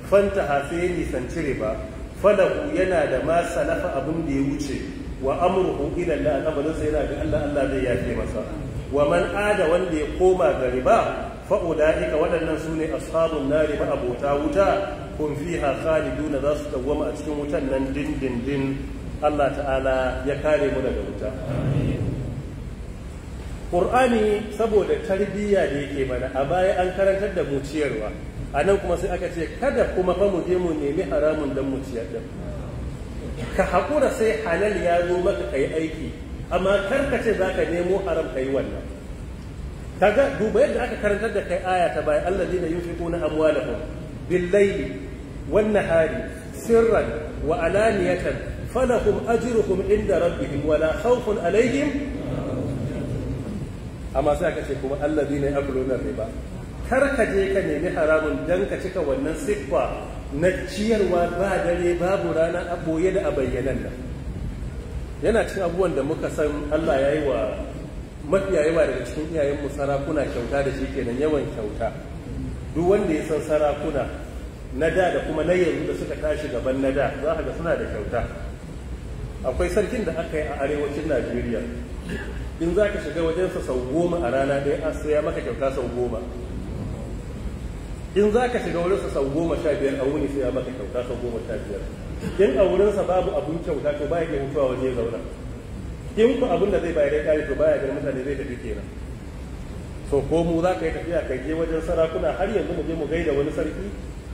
fanta ni san cire ba falahu yana da ma salafa abin da ya wuce wa amruhu ila Allah al'amarin yana ga Allah Allah zai yafe masa wa man ada wanda ya koma ga riba fa ulaika waɗannan su ne ashabun nari ba abota wuta kun fi fiha juna za su dawwama a cikin wutan nan dindindin Allah ta'ala ya kare mu daga wuta ƙur'ani saboda tarbiyya da yake mana a baya an karantar da mu ciyarwa a nan kuma sai aka ce kada kuma fa mu je mu nemi haramun don mu ciyar da ka haƙura sai halal ya zo maka ka yi aiki amma kar ka ce za ka nemo haram ka yi wannan kaga duba yadda aka karantar da kai aya ta baya allazina yunfiquna amwalahum bil wan-nahari sirran wa alaniyatan falahum ajruhum inda rabbihim wala khawfun alaihim amma sai aka ce kuma allazina yakuluna riba kar ka je ka nemi haramun dan ka cika wannan siffa na ciyarwa ba dare babu rana a boye da a bayyanan nan yana cin abubuwan da muka san Allah ya yi wa mafiya yawa daga cikin iyayenmu sarakuna kyauta da shi kenan yawan kyauta duk wanda ya san sarakuna na da da kuma na yanzu da suka tashi gaban na da za ga suna da kyauta akwai sarkin da aka yi a arewacin najeriya in za ka shiga wajensa sau goma a rana ɗaya a saya maka kyauta sau goma in za ka shiga wajensa sau goma sha biyar a wuni sai ya maka kyauta sau goma sha biyar in a wurinsa babu abun kyauta to baya ya mutuwa waje zauna in ku abun da zai bayar ya kare to baya ganin mutane zai tafi kenan to ko mu za ka yi tafiya ka je wajen sarakuna har yanzu mu je mu gaida wani sarki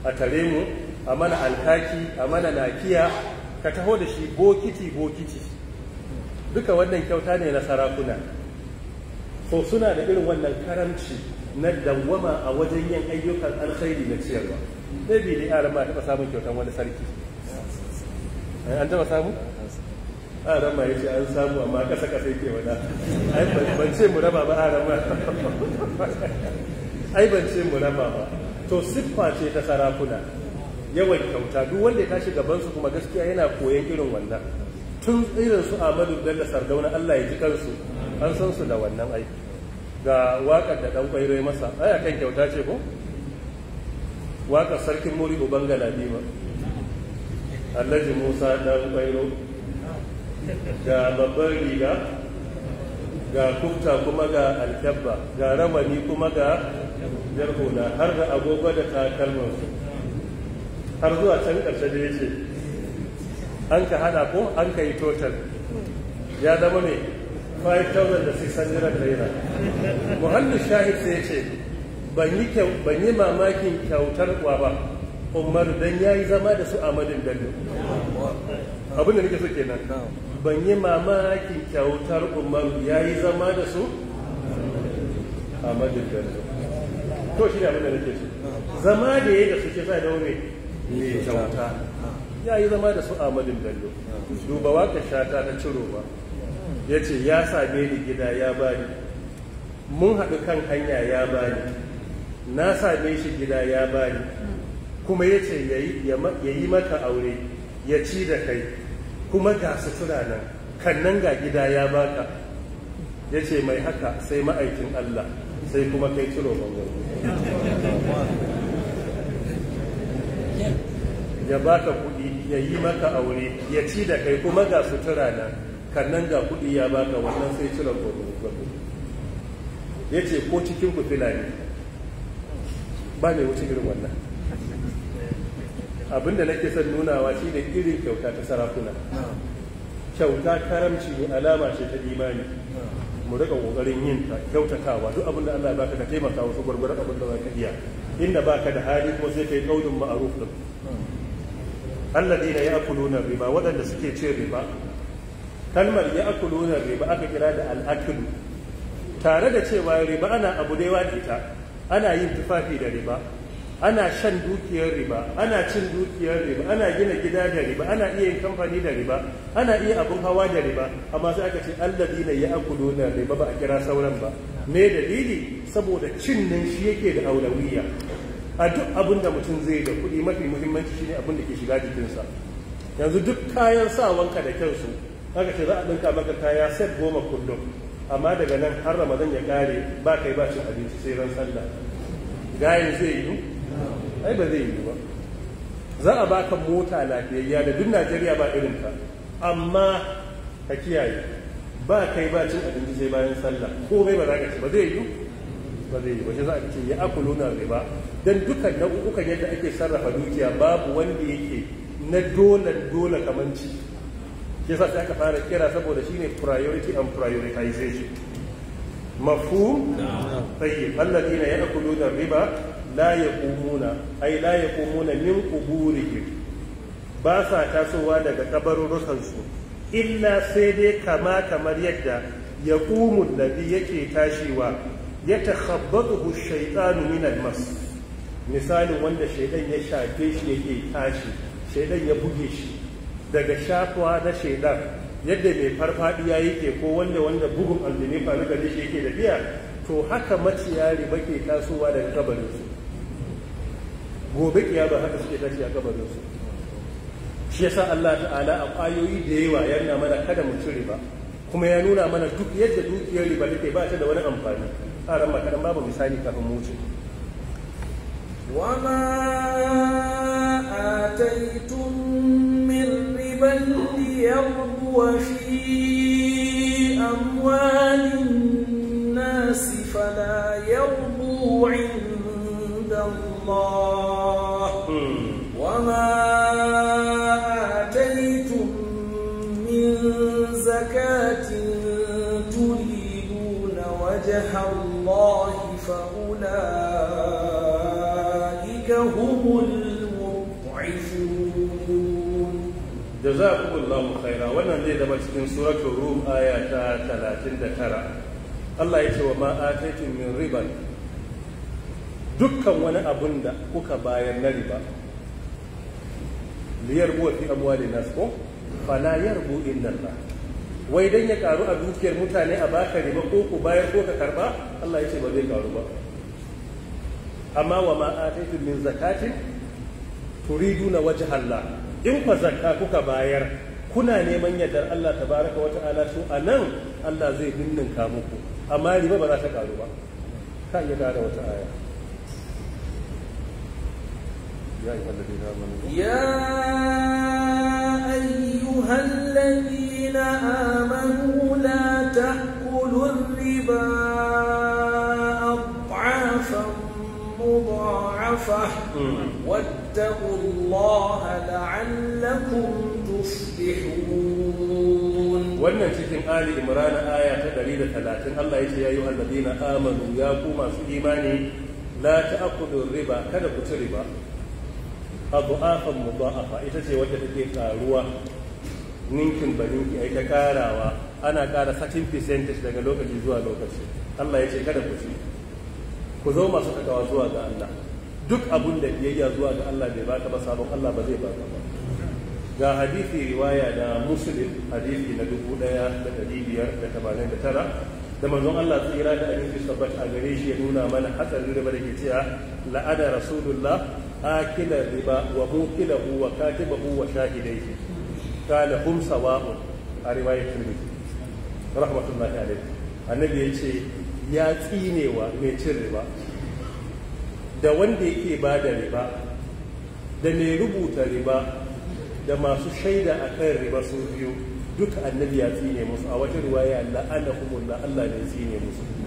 a tare mu a mana alkaki a mana nakiya ka taho da shi bokiti bokiti duka wannan kyauta ne na sarakuna so suna da irin wannan karamci na dawwama a wajen yin ayyukan alkhairi na ciyarwa ɗabi da a ma taɓa samun kyautan wani sarki Eh, an taba samu a ran ma ce an samu amma kasa kasa yake wada ai ban ce mu raba ba a rama ai ban ce mu raba ba to siffa ce ta sarakuna yawan kyauta duk wanda ya tashi gaban su kuma gaskiya yana koyon irin wannan tun irin su Ahmadu Bello Sardauna Allah ya ji kansu an san su da wannan aiki ga wakar da dan kwairo masa aya kan kyauta ce ko wakar sarkin Muri Ubangala nima. alhaji musa dan bairo, ga babban riga ga kufta kuma ga alkyabba ga ramani kuma ga jarhuna har da agogo da takalmansu har zuwa can ƙarshe da ya ce an ka hada ko an ka yi total ya zama ne 5,600 naira muhallin shahid sai ya ce ban yi mamakin kyautar kwa ba Umar dan ya yi zama da su madin dalil abin da nake so kenan ban yi mamakin kyautar Umar ya yi zama da su madin dalil to shi ne abin da nake so zama da ya da su ke sa da wani ne kyauta ya yi zama da su madin dalil duba waka shata ta ciro ba ya ce ya same ni gida ya bani mun haɗu kan hanya ya bani na same shi gida ya bani kuma ya ce ya yi maka aure ya ci da kai kuma ga sutura nan kannan ga gida ya baka ya ce mai haka sai ma'aikin Allah sai kuma kai ciro bangon ya baka kuɗi ya yi maka aure ya ci da kai kuma ga sutura nan kannan ga kuɗi ya baka wannan sai cire gwagwagwagwa ya ce ko cikin ku filani ba mai wuce irin wannan abin da nake son nunawa shi da irin kyauta ta sarakuna kyauta karamci ne alama ce ta imani mu rika kokarin yin ta kyautatawa duk abin da Allah ya baka ka taimaka wasu gurgurar abin da zaka iya inda baka da hali kuma sai kai kaudin ma'ruf din alladina ya'kuluna riba waɗanda suke ce riba kalmar ya'kuluna riba aka kira da al tare da cewa riba ana abu da yawa da ita ana yin tufafi da riba ana shan dukiyar riba ana cin dukiyar riba ana gina gida da riba ana iya yin kamfani da riba ana iya abin hawa da riba amma sai aka ce alladina ya akudu da riba ba a kira sauran ba me dalili saboda cin nan shi yake da aulawiya a duk abin da mutum zai da kuɗi mafi muhimmanci shine abin da ke shiga jikinsa yanzu duk kayan sawanka da kyansu aka ce za a ɗinka maka kaya set goma kullum amma daga nan har ramadan ya kare ba kai ba cin abinci sai ran sallah gayin zai yi ai ba zai yi ba za a baka mota lafiyayya da duk najeriya ba irin ta amma ka kiyaye ba kai ba cin abinci sai bayan sallah ko bai ba za ka ci ba zai yi ba zai yi ba shi za a ce ya akuluna riba dan dukkan nau'ukan yadda ake sarrafa dukiya babu wanda yake na dole dole kamanci shi sa aka fara kira saboda shine priority and prioritization مفهوم؟ na ya الذين riba riba. la yaqumuna ay la yaqumuna min quburihim ba sa tasowa daga su illa sai dai kama kamar yadda ya ƙumun nabi yake tashiwa ya takhabbatuhu shaitanu min almas misalin wanda shaidan ya shafe shi yake tashi shaidan ya buge shi daga shafuwa na shaidan yadda mai farfadiya yake ko wanda wanda bugun aljini faru shi yake da biya to haka maciya riba ke tasowa daga kabarinsu gobe ba haka suke tashi a kabarin su shi yasa Allah ta'ala a ƙwayoyi da yawa ya nuna mana kada mu cire ba kuma ya nuna mana duk yadda dukiyar riba take ba ta da wani amfani a ran makaran babu misali kafin mu wuce وما آتيتم من ربا ليربو في أموال الناس فلا يربو عند عند الله وما آتيتم من زكاة تريدون وجه الله فأولئك هم المضعفون جزاكم الله خيرا وانا دي دمت سورة الروم آية 39 Allah ya ce wa ma ataitum min riban dukkan wani abun da kuka bayar na riba liyar buwa fi da nasu ko fala yarbu nan ba wai don ya karu a dukiyar mutane a baka riba ko ku bayar ko ka karba Allah ya ce ba zai karu ba amma wa ma ataitum min zakatin turiduna wajen Allah in fa zakka kuka bayar kuna neman yadar Allah tabaraka wa ta'ala to anan Allah zai binninka muku amma riba ba za ta karu ba ka iya gara wata aya يا أيها الذين آمنوا لا تأكلوا الربا أضعافا مضاعفة واتقوا الله لعلكم تفلحون wannan cikin Ali Imran aya ta 130 Allah yace ya ayyuhal ladina amanu ya ku masu imani la ta'kulu riba kada ku ci riba abu'afan mudha'afa ita ce wadda take karuwa ninkin ba ninki ai ta karawa ana kara satin percentage daga lokaci zuwa lokaci Allah ya ce kada ku ci ku zo masu takawa zuwa ga Allah duk abun da biyayya zuwa ga Allah bai baka ba sabon Allah ba zai baka ba ga hadisi riwaya da muslim hadisi na dubu daya da dari biyar da da da tara manzon Allah tsira da abinci sabbat a gare shi ya nuna mana hatsarin da ba da ke cewa la'ada rasulullah آكل الربا وموكله وكاتبه وشاهديه قال هم سواء رواية الترمذي رحمة الله عليه النبي ya يا mai cin الربا da wanda yake ba da riba da mai rubuta riba da masu shaida a kan riba su biyu duka annabi ya tsine musu a wata ruwaya la'anahumullah Allah ne ya tsine musu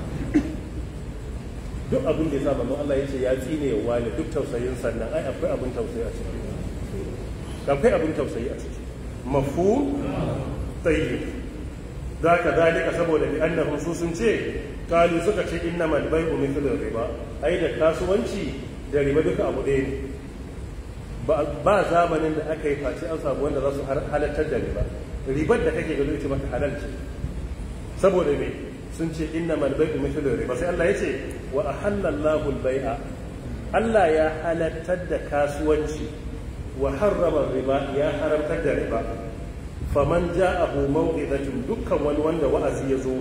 duk abin da ya sa manzo Allah ya ce ya tsine wa wani duk tausayin sannan ai akwai abin tausayi a ciki akwai abin tausayi a ciki mafhum tayyib ka zalika saboda bi annahum su sun ce kalu suka ce innamal bai'u mithlu riba ai da kasuwanci da riba duka abu ɗaya ne ba zamanin da aka yi face an samu wanda za su halartar da riba ribar da kake gano ita maka halal ce saboda me sun ce inna mal bai'u mithlu riba sai Allah ce wa ahallallahu al-bai'a Allah ya halattar da kasuwanci wa harrama riba ya haramtar da riba faman ja'ahu maw'izatun dukkan wani wanda wa'azi ya zo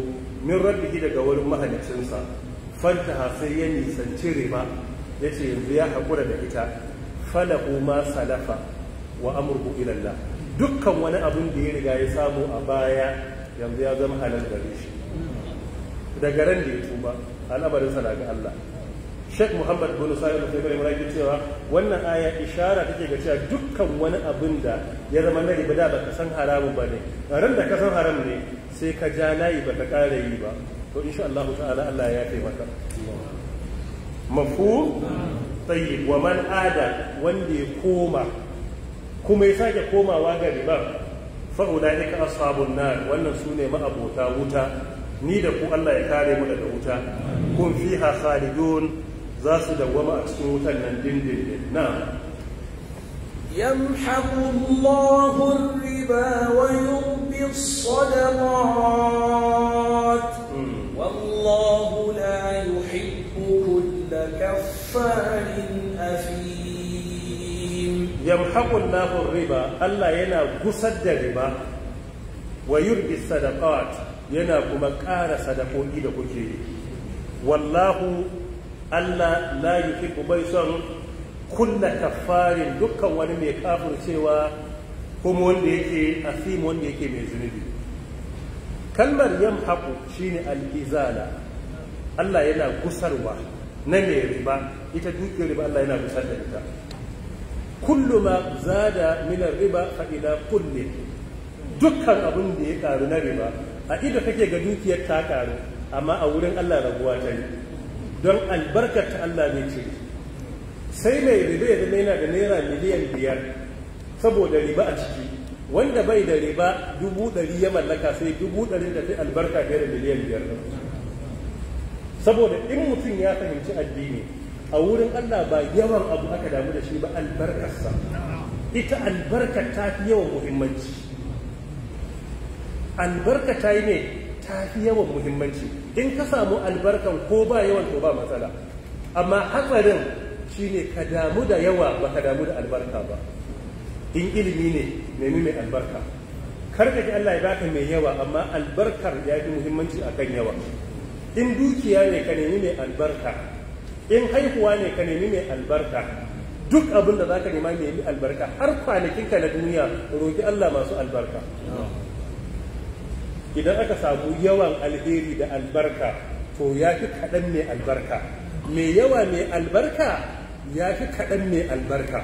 min rabbihi daga wurin mahalicinsa fantaha sai ya nisanci riba yace yanzu ya hakura da ita falahu ma salafa wa amurku ilalla. dukkan wani abin da ya riga ya samu a baya yanzu ya zama halal gare shi daga ran da ya tuba al'amarin sa daga Allah Sheikh Muhammad bin Sa'id da Sayyid Ibrahim cewa wannan aya ishara take ga cewa dukkan wani abin da ya zama na ribada ba ka san haramun ba ne ran da ka haram ne sai ka ja ba ka kare yi ba to insha Allah ta'ala Allah ya kai maka mafhum tayyib wa man ada wanda ya koma kuma ya sake komawa ga riba fa ulaika ashabun nar wannan sune ma'abota wuta ni da ku Allah ya kare mu daga wuta kun fi ha khalidun za su dawama a wutan nan din din na yamhaqu Allahu riba wa yubi sadaqat hmm. wallahu la yuhibbu kulla kaffarin afim yamhaqu Allahu riba Allah yana gusa da riba wa yubi sadaqat yana kuma ƙara sadakoki da kuke yi wallahu Allah la ku bai son kulla kafarin dukkan wani mai kafin cewa kuma wanda yake asim wanda yake mai zunubi kalmar haku shine al-izala Allah yana gusarwa na mai riba ita dukiyar riba Allah yana gusar da ita kullu ma zada min riba fa ila kulli dukkan abin da ya karu na riba a ido take ga dukiyar ta karu amma a wurin Allah raguwa ta yi don albarkar ta Allah ne ce sai mai riba ya zama yana da naira miliyan biyar saboda riba a ciki wanda bai da riba dubu ɗari ya mallaka sai dubu ɗari da sai albarka fiye da miliyan biyar saboda in mutum ya fahimci addini a wurin Allah ba yawan abu aka damu da shi ba albarkarsa ita albarkar ta fi yawan muhimmanci albarka ta yi ne ta fi yawan muhimmanci in ka samu albarkan ko ba yawan ko ba matsala amma hatsarin ne ka damu da yawa ba ka damu da albarka ba in ilimi ne nemi mai albarka kar ka ji Allah ya baka mai yawa amma albarkar ya fi muhimmanci akan yawa in dukiya ne ka nemi mai albarka in haihuwa ne ka nemi mai albarka duk abin da za ka nema mai albarka har kwanakinka na duniya roki Allah masu albarka idan aka samu yawan alheri da albarka to ya fi kaɗan mai albarka mai yawa mai albarka ya fi kaɗan mai albarka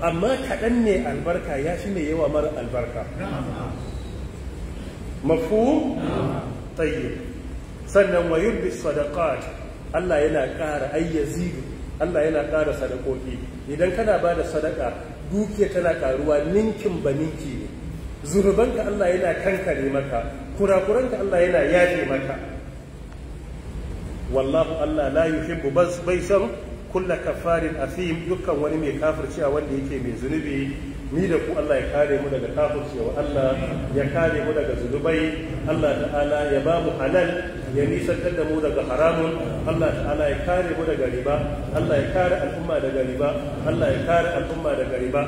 amma kaɗan mai albarka ya fi mai yawa mara albarka mafu tayyib sannan wa yurbi sadaqat Allah yana ƙara ayyazidu Allah yana ƙara sadakoki idan kana ba da sadaka dukiya tana ƙaruwa ninkin ba ninki zunubanka Allah yana kankare maka kurakuranka Allah yana yafe maka wallahu Allah la yuhibbu bai san kulla kafarin asim dukkan wani mai kafircewa wanda yake mai zunubi ni da ku Allah ya kare mu daga kafircewa Allah ya kare mu daga zunubai Allah ta'ala ya ba mu halal ya nisantar da mu daga haramun Allah ta'ala ya kare mu daga riba Allah ya kare al'umma daga riba Allah ya kare al'umma daga riba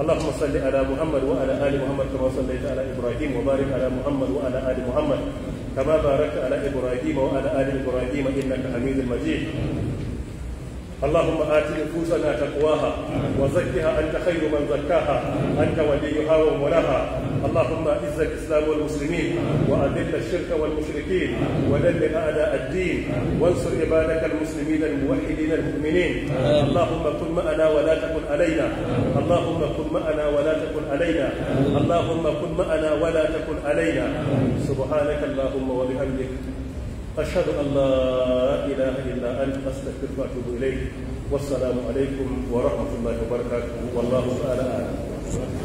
اللهم صل على محمد وعلى ال محمد كما صليت على ابراهيم وبارك على محمد وعلى ال محمد كما باركت على ابراهيم وعلى ال ابراهيم انك حميد مجيد اللهم آت نفوسنا تقواها وزكها أنت خير من زكاها أنت وليها ومولاها اللهم أعز الإسلام والمسلمين وأذل الشرك والمشركين ودمر أعداء الدين وانصر عبادك المسلمين الموحدين المؤمنين اللهم كن معنا ولا تكن علينا اللهم كن معنا ولا تكن علينا اللهم كن معنا ولا تكن علينا سبحانك اللهم وبحمدك أشهد أن لا إله إلا أنت أستغفرك وأتوب إليك والسلام عليكم ورحمة الله وبركاته والله تعالى أعلم